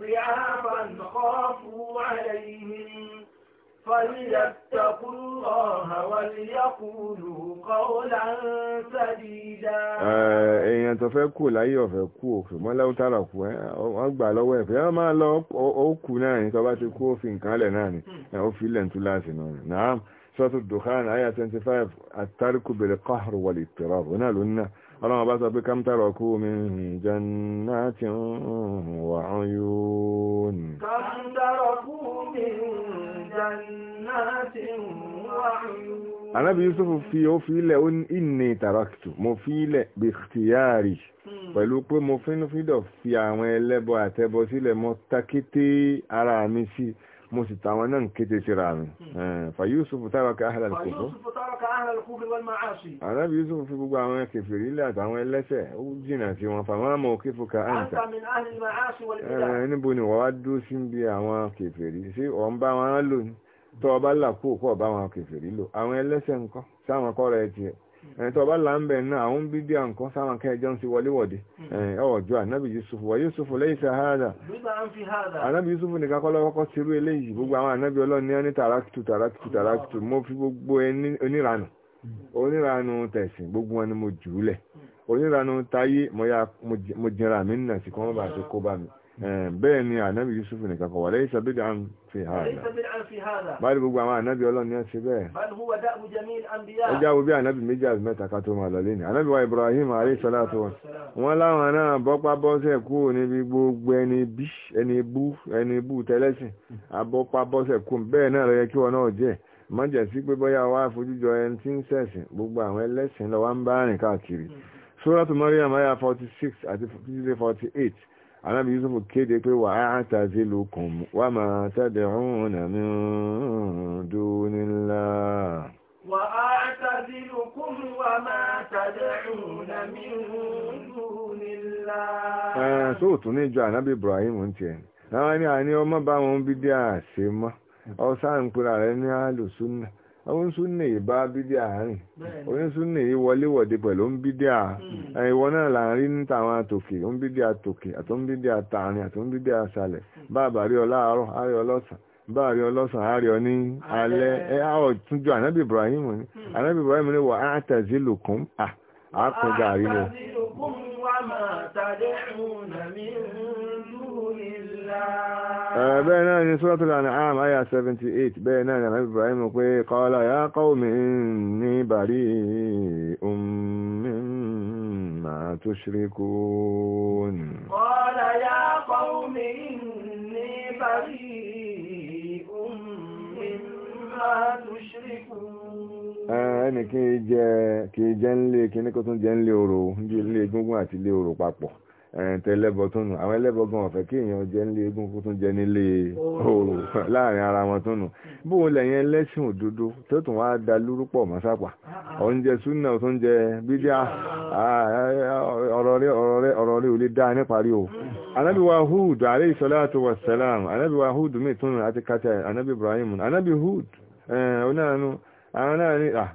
ضعافا خافوا عليهم فليتقوا الله وليقولوا قولا سديدا èèyàn tó fẹ́ kú láyé ọ̀fẹ́ kú o ṣùgbọ́n lẹ́wọ́n tààrà kú ẹ́ wọ́n gbà lọ́wọ́ ẹ̀fẹ́ wọ́n máa lọ ó kú náà ní tó bá ti kú ó fi nǹkan lẹ̀ náà ni hmm. ó fi ilẹ̀ ń tú náà ni náà sọ́tù dùkán àyà 25 àtàríkù bèrè kọ́hùrù wọlé tẹ̀rọ ọ̀nà ló ná ọlọ́run bá sọ pé kam taraku min jannatin wa uyun kam taraku min جنات وعيون Ànábì Yusuf fi ó fi ilẹ̀ ó ní inni taraktu, mo fi ilẹ̀ bí ikhtiyari, hmm. pẹ̀lú pé mo fínúfíndọ̀ fi àwọn ẹlẹ́bọ àtẹbọ sílẹ̀ mọ́ takété ara mi sí mo sì tàwọn náà kéde síra mi hmm. eh, fa Yusuf taraka ahla al-kufr alábi Yusuf fi gbogbo àwọn kèfèrí ilẹ̀ àtàwọn ẹlẹ́sẹ̀ ó jìnà sí wọn fàmọ́ mọ̀ kí fúka àǹtà níbo ni wọ́n wá dó sí bí àwọn kèfèrí sí ọ̀n bá wọn lò tọ́ ọba làkó kọ́ ọba àwọn kèfèrí lò àwọn ẹlẹ́sẹ̀ ńkọ́ sáwọn kọ́ra ẹ̀ tiẹ̀ tó bá là ń bẹ̀ náà àwọn bídí àǹkan sáwọn kẹjọ ń sí wọléwọ̀dé hmm. ànábì yusufu wọ yusufu lẹ́yìn sahara ànábì yusufu nìkan kọ́ lọ́kọ́kọ́ sírú eléyìí gbogbo àwọn ànábì ọlọ́ni ní tàràkìtù fi gbogbo oníranù hmm. oníranù tẹ̀sìn gbogbo wọn ni mo jù ú lẹ̀ oníranù táyé mo mi nà sí kí Eh, bẹ́ẹ̀ ni anabi yusufu nìkan kọ̀ wà laysa fi hadha báyìí gbogbo àwọn ànábì ọlọ́run ni ó ṣe bẹ́ẹ̀ ẹjá wo bí ànábì méjì àti wa ibrahim alayhi salatu wa wọn láwọn náà bọ́pá bọ́sẹ̀ gbogbo ẹni bí ẹni bú ẹni bú gbogbo hmm. Suratu Maryam 46 anábi yusuf kéde pé wà á tàzí lukùn wà máa tàdé ọ̀hún àmì dúnilá wà á tàzí lukùn wà máa tàdé ọ̀hún àmì dúnilá sóòtún níjọ anábi ibrahim ń tiẹ̀ láwọn ní ọmọ bá wọn bí díà ṣe mọ́ ọ̀sán ń pera rẹ̀ ní àlùsùn onísúnnì ìbá bídí àárín onísúnnì ìwọléwọ̀dé pẹ̀lú ń bídí à hmm. ìwọ náà láàrin ní tàwọn àtòkè ń bídí àtòkè àtò bídí àtàrin àtò bídí àṣàlẹ̀ hmm. bá àbárí ọláàárọ̀ àárẹ̀ ọlọ́sàn bá àrí ọlọ́sàn àárẹ̀ ọní alẹ́ ni hmm. Ibrahim ni wà bẹ́ẹ̀ náà ni suratul 78 bẹ́ẹ̀ náà ni àmì ibrahim pé ya qawmi inni bari'un mimma tushrikun qala ya ẹni kí jẹ́ ń lé kí ní kó tún jẹ́ ń ń ẹ̀ǹtẹ̀ ẹlẹ́bọ tó nù àwọn ẹlẹ́bọ gan ọ̀fẹ́ kí èèyàn jẹ́ nílé eégún kó jẹ nílé oòrùn láàrin ara wọn tó nù bóun lẹ́yìn ẹlẹ́sìn òdodo tó tún wá da oúnjẹ ah, ah. súnà tó ń jẹ bídíà ah. ọ̀rọ̀ dá níparí o mm. anabi wa salam mi tún anabi ibrahim anabi ọ̀nà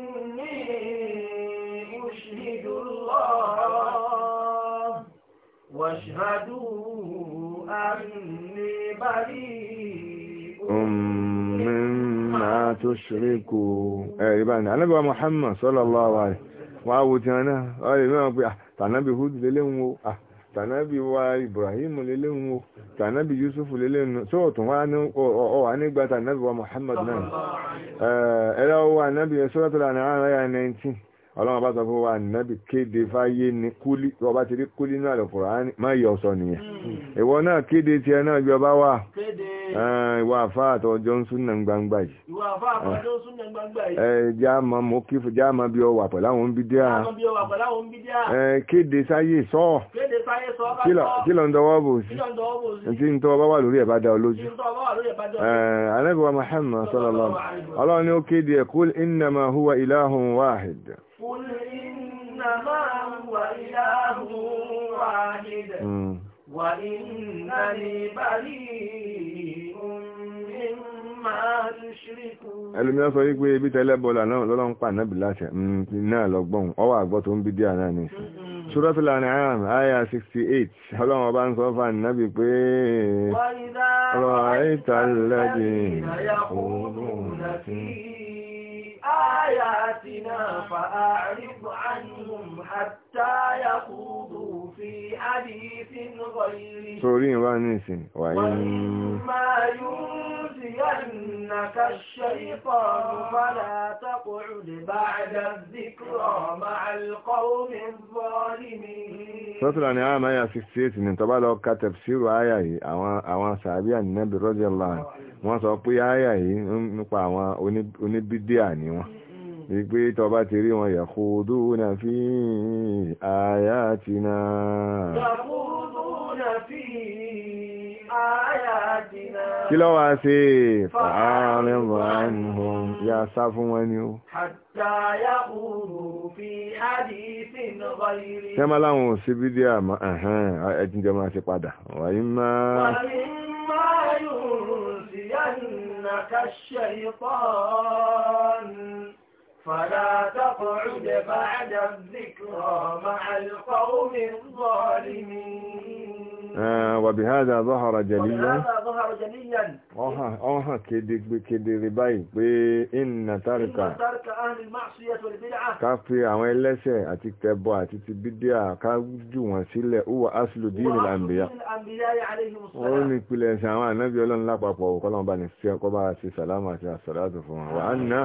واشهدوا أني بريء مما تشركوا ẹ̀rìbáni anábíwá أنا sallallahu محمد صلى الله عليه ti hàn náà ọ̀rẹ́ mẹ́wàá pé tànábì Hud lélẹ́hùn o ah, tànábì wa Ibrahim lélẹ́hùn o tànábì Yusuf lélẹ́hùn o sóòtún wá ní ọ̀wà nígbà tànábì wa Muhammad náà ẹ̀rọ wa anábì Suratul An'am ààrẹ 19 ọlọ́run bá sọ fún wa nàbì kéde fáyé ní kúlí ọba ti rí kúlí ní àlùkùránì má yọ ọ̀sọ̀ nìyẹn hmm. ìwọ náà kéde tiẹ̀ náà bí ọba wà ìwọ àfa àtọjọ́ ń súnà gbangba yìí jáàmà mú kí jáàmà bí ọ wà pẹ̀lú àwọn bídíà kéde sáyé sọ kí lọ ń dọwọ́ bò sí tí ń tọ́ ọba wà lórí ẹ̀ bá dá ọ lójú anábìwá Muhammad sallallahu ọlọ́run ni ó kéde ẹ̀ kúl innama huwa ilahun wahid. قل إنما هو إله واحد وإنني بريء مما تشركون ẹlòmíà sọ wípé ibi tẹ́lẹ́bọ̀là mm, náà lọ́lọ́run pa náà bìláṣẹ náà lọ́gbọ̀n ọwọ́ àgbọ́ tó ń bí díà náà ní sí ṣúrọ́tù láàrin àyàm àyà 68 ọlọ́run ọba ń sọ fà náàbì pé rọ̀ àìtàlẹ́dì ọ̀rọ̀ آياتنا فأعرض عنهم حتى يخوضوا في حديث غيره سورين وانسين وإما ينسينك الشيطان فلا تقعد بعد الذكرى مع القوم الظالمين سورة الأنعام آية 68 ní tọ́bá lọ ka tẹ̀fṣíru áyà yìí àwọn sàbíà nẹ́bì rọ́jẹ̀ láàrín wọ́n sọ pé áyà yìí nípa àwọn oníbídíà ni wọ́n wípé tọba ti rí wọn yàkúdúnà fi àyàtìna kí ló wá sí fàárín ránhùn ya sá fún wọn ni ó tẹ́mọ́ láwọn ò sí bídí àmà ẹ̀hẹ́n ẹ̀jíjọ máa ti padà wàyí máa yóò sí yánú لك الشيطان فلا تقعد بعد الذكرى مع القوم الظالمين wàbíhádà zọ́hàrà jẹ̀líyàn ọ̀hàn kedere báyìí pé ìnà tàríkà ká fi àwọn ẹlẹ́ṣẹ̀ àti tẹbọ àti ti bídíà ká jù wọ́n sílẹ̀ uwa asìlù dínì l'àmbìyà ó ní ìpìlẹ̀ ẹ̀sẹ̀ àwọn ànábí ọlọ́run lápapọ̀ kọ́lọ́n bá ní sí ọkọ́ bá ti sàlámù àti àsàlátù fún wọn wà ánà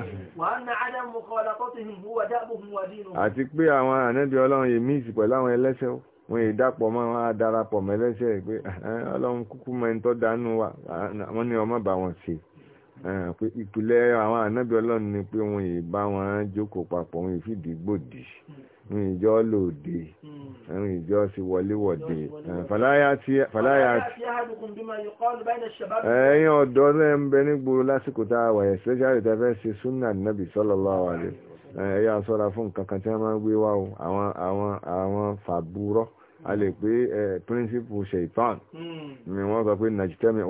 àti pé àwọn ànábí ọlọ́run yìí mí ìsìpẹ̀lú àwọn ẹlẹ́ṣẹ̀ wọn yìí dàpọ̀ wọn á mẹ́lẹ́sẹ̀ pé ọlọ́run kúkú mọ dánú wa wọn ni ọmọ bá wọn ṣe pé ìpìlẹ̀ àwọn ànábì ọlọ́run ni pé wọn wọn jókòó papọ̀ wọn yìí gbòdì wọn yìí lòdì wọn yìí sí wọléwọ̀dì fàlàyà tí ń bẹ nígbò lásìkò tá a wà yẹn ṣe súnà nàbì a lè pé príncipù ṣèitán ni hmm. wọ́n sọ pé najtami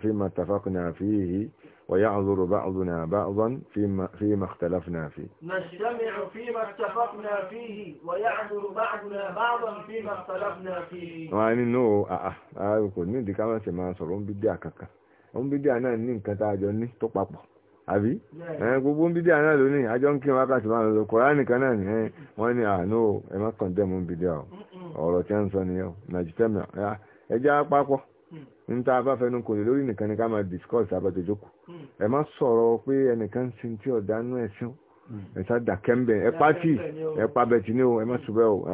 fi ma tafakna fihi ويعذر بعضنا بعضا فيما, فيما اختلفنا فيه نجتمع فيما اتفقنا فيه ويعذر بعضنا بعضا فيما اختلفنا فيه يعني نو اه اه kò ní ìdí ká má ṣe máa sọ̀rọ̀ ń bí díà kankan ń bí díà náà ní nǹkan tá jọ ní tó papọ̀ àbí eh, gbogbo ń bídíà náà lónìí àjọ ń kí wákàtí máa lọ kọ́ra nìkan náà ni eh, wọ́n ní àánú ah, ẹ má kàn dẹ́mu ń bídíà o ọ̀rọ̀ tí wọ́n ń sọ nìyẹn o nàìjíríà ẹ já pápọ̀ mm. níta bá fẹnu kò lè lórí nìkan ni ká máa discuss abájọjókò mm. ẹ má sọ̀rọ̀ pé ẹnìkan sin tí ọ̀dà nú ẹ̀sìn mm. ẹ sá dàkẹ́ ń bẹ̀ ẹ pàtì ẹ pa bẹ̀tì ní o ẹ má sùbẹ́ o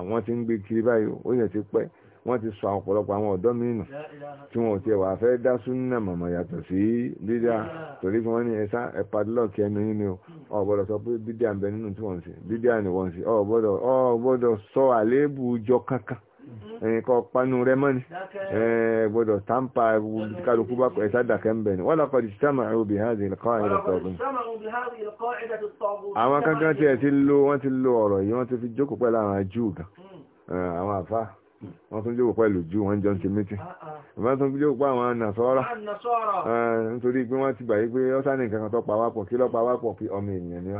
àwọn eh, ti ń gbé kiri báyìí ó yẹ ti pẹ́ wọ́n ti sọ ọ̀pọ̀lọpọ̀ àwọn ọ̀dọ́ mìíràn tí wọ́n ti ẹ̀wà fẹ́ dá súnnà mọ̀mọ̀ yàtọ̀ sí dídá ah. torí fún wọn ní ẹ̀sá ẹ̀padlọ́ọ̀kì ẹnu yín ni o ọ̀gbọ́dọ̀ hmm. sọ pé dídá ń bẹ nínú tí wọ́n ń ṣe dídá ni wọ́n ń ṣe ọ̀gbọ́dọ̀ sọ àléébù jọ kankan hmm. ẹ̀yìn kọ panu rẹ mọ́ ni gbọ́dọ̀ tàǹpà kálukú bá ẹ̀sá dàkẹ́ ń bẹ̀ ni wọ́n lọ́kọ̀ di sítámà òbí hàzì ìlẹ̀kọ́ ìrẹsọ̀gbìn àwọn kankan tí ẹ̀ ti lo wọ́n ti lo ọ̀rọ̀ yìí wọ́n ti fi jókòó pẹ̀lú àwọn Júù gan hmm. àwọn àfáà wọ́n tún jókòó pẹ̀lú jù wọ́n jọ ń ṣe mítí ah, ah. wọ́n tún jókòó pẹ̀lú àwọn nàṣọ́rọ̀ ah, nítorí pé wọ́n ti gbàgbé pé ọ́sà ní nǹkan tó pa wápọ̀ kí ló pa wápọ̀ pé ọmọ ènìyàn ni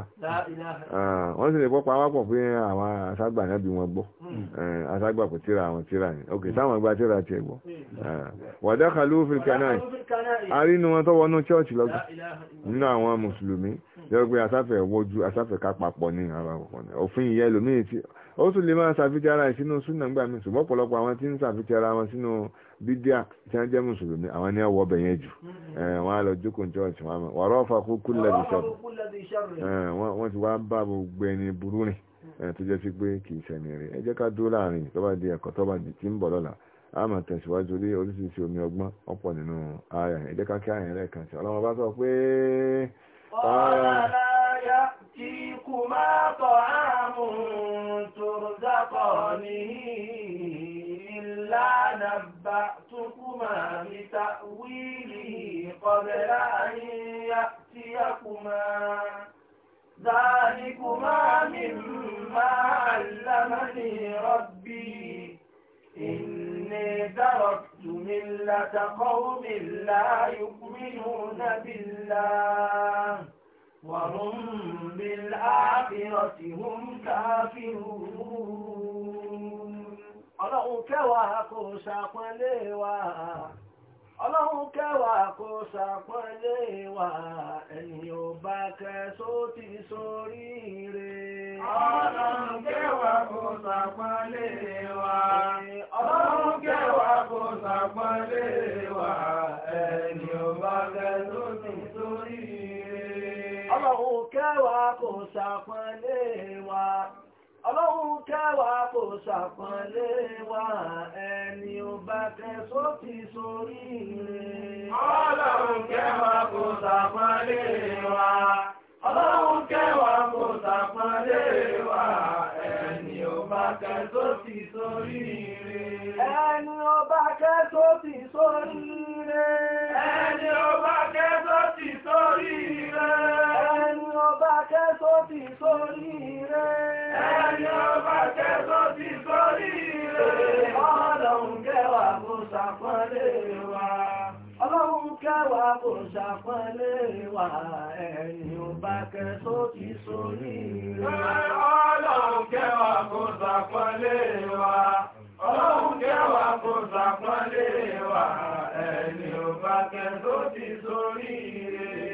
wọ́n sì lè pa wápọ̀ pé àwọn náà bí wọ́n gbọ́ hmm. eh, kò tíra àwọn tíra gba tíra tiẹ̀ gbọ́ wàdà kàlú arínú wọn tó wọnú chọ́ọ̀chì nínú àwọn mùsùlùmí hmm. ó tún lè máa ṣàfihàn ara ẹ̀ sínú súnà ńgbà mi ṣùgbọ́n ọ̀pọ̀lọpọ̀ àwọn tí ń ṣàfihàn ara wọn sínú bídíà tí wọ́n jẹ́ mùsùlùmí àwọn ní ọwọ́ ọbẹ̀ yẹn jù wọ́n á lọ jókòó ní ṣọ́ọ̀ṣì wọn wà rọ́ọ̀fà kó kú lẹ́bi sọ́ọ̀bù wọ́n ti wá bá gbogbo ẹni burú rìn tó jẹ́ sí pé kì í ṣẹ̀mí rẹ̀ ẹ jẹ́ ká dúró láàrin tó di ẹ̀kọ́ tó di tí ń bọ̀ lọ́la a máa tẹ̀síwájú lé oríṣiríṣi omi ọgbọ́n ọ̀pọ̀ nínú ara ẹ̀ jẹ́ ká kí àyẹ̀rẹ́ kan sí ọlọ́run bá sọ pé. ọ̀rọ̀ يأتيكما طعام ترزقانه إلا نبأتكما بتأويله قبل أن يأتيكما ذلكما مما علمني ربي إني تركت ملة قوم لا يؤمنون بالله وهم بالآخرة هم كافرون ọlọ́run kẹwàá kò ṣàpọ́nlé wa kò wa ẹni ò bá kẹsó ti sórí rẹ̀ ọlọ́run kẹwàá kò ṣàpọ́nlé wa kẹwàá ẹni ò bá kẹwà kò ṣàpọ́nlé wa ọlọ́run kẹwà kò ṣàpọ́nlé wa ẹni ò bá kẹ sókè sórí rẹ̀. ọlọ́run kẹwà kò ṣàpọ́nlé wa ọlọ́run kẹwà kò ṣàpọ́nlé wa ẹni ò bá kẹ sókè sórí rẹ̀. ẹni ò bá kẹ sókè sórí rẹ̀. ẹni ò bá kẹ sókè sórí rẹ̀ ọba kẹ́sọ́ ti sórí rẹ̀. Ẹni ọba kẹ́sọ́ ti sórí rẹ̀. Ọlọ́run kẹwàá kò ṣàpọ́nlé wa. Ọlọ́run kẹwàá kò ṣàpọ́nlé wa. Ẹni ọba kẹ́sọ́ ti sórí rẹ̀. Ọlọ́run kẹwàá kò ṣàpọ́nlé wa. Ọlọ́run kẹwàá kò ṣàpọ́nlé wa. Ẹni ọba kẹ́sọ́ ti sórí rẹ̀.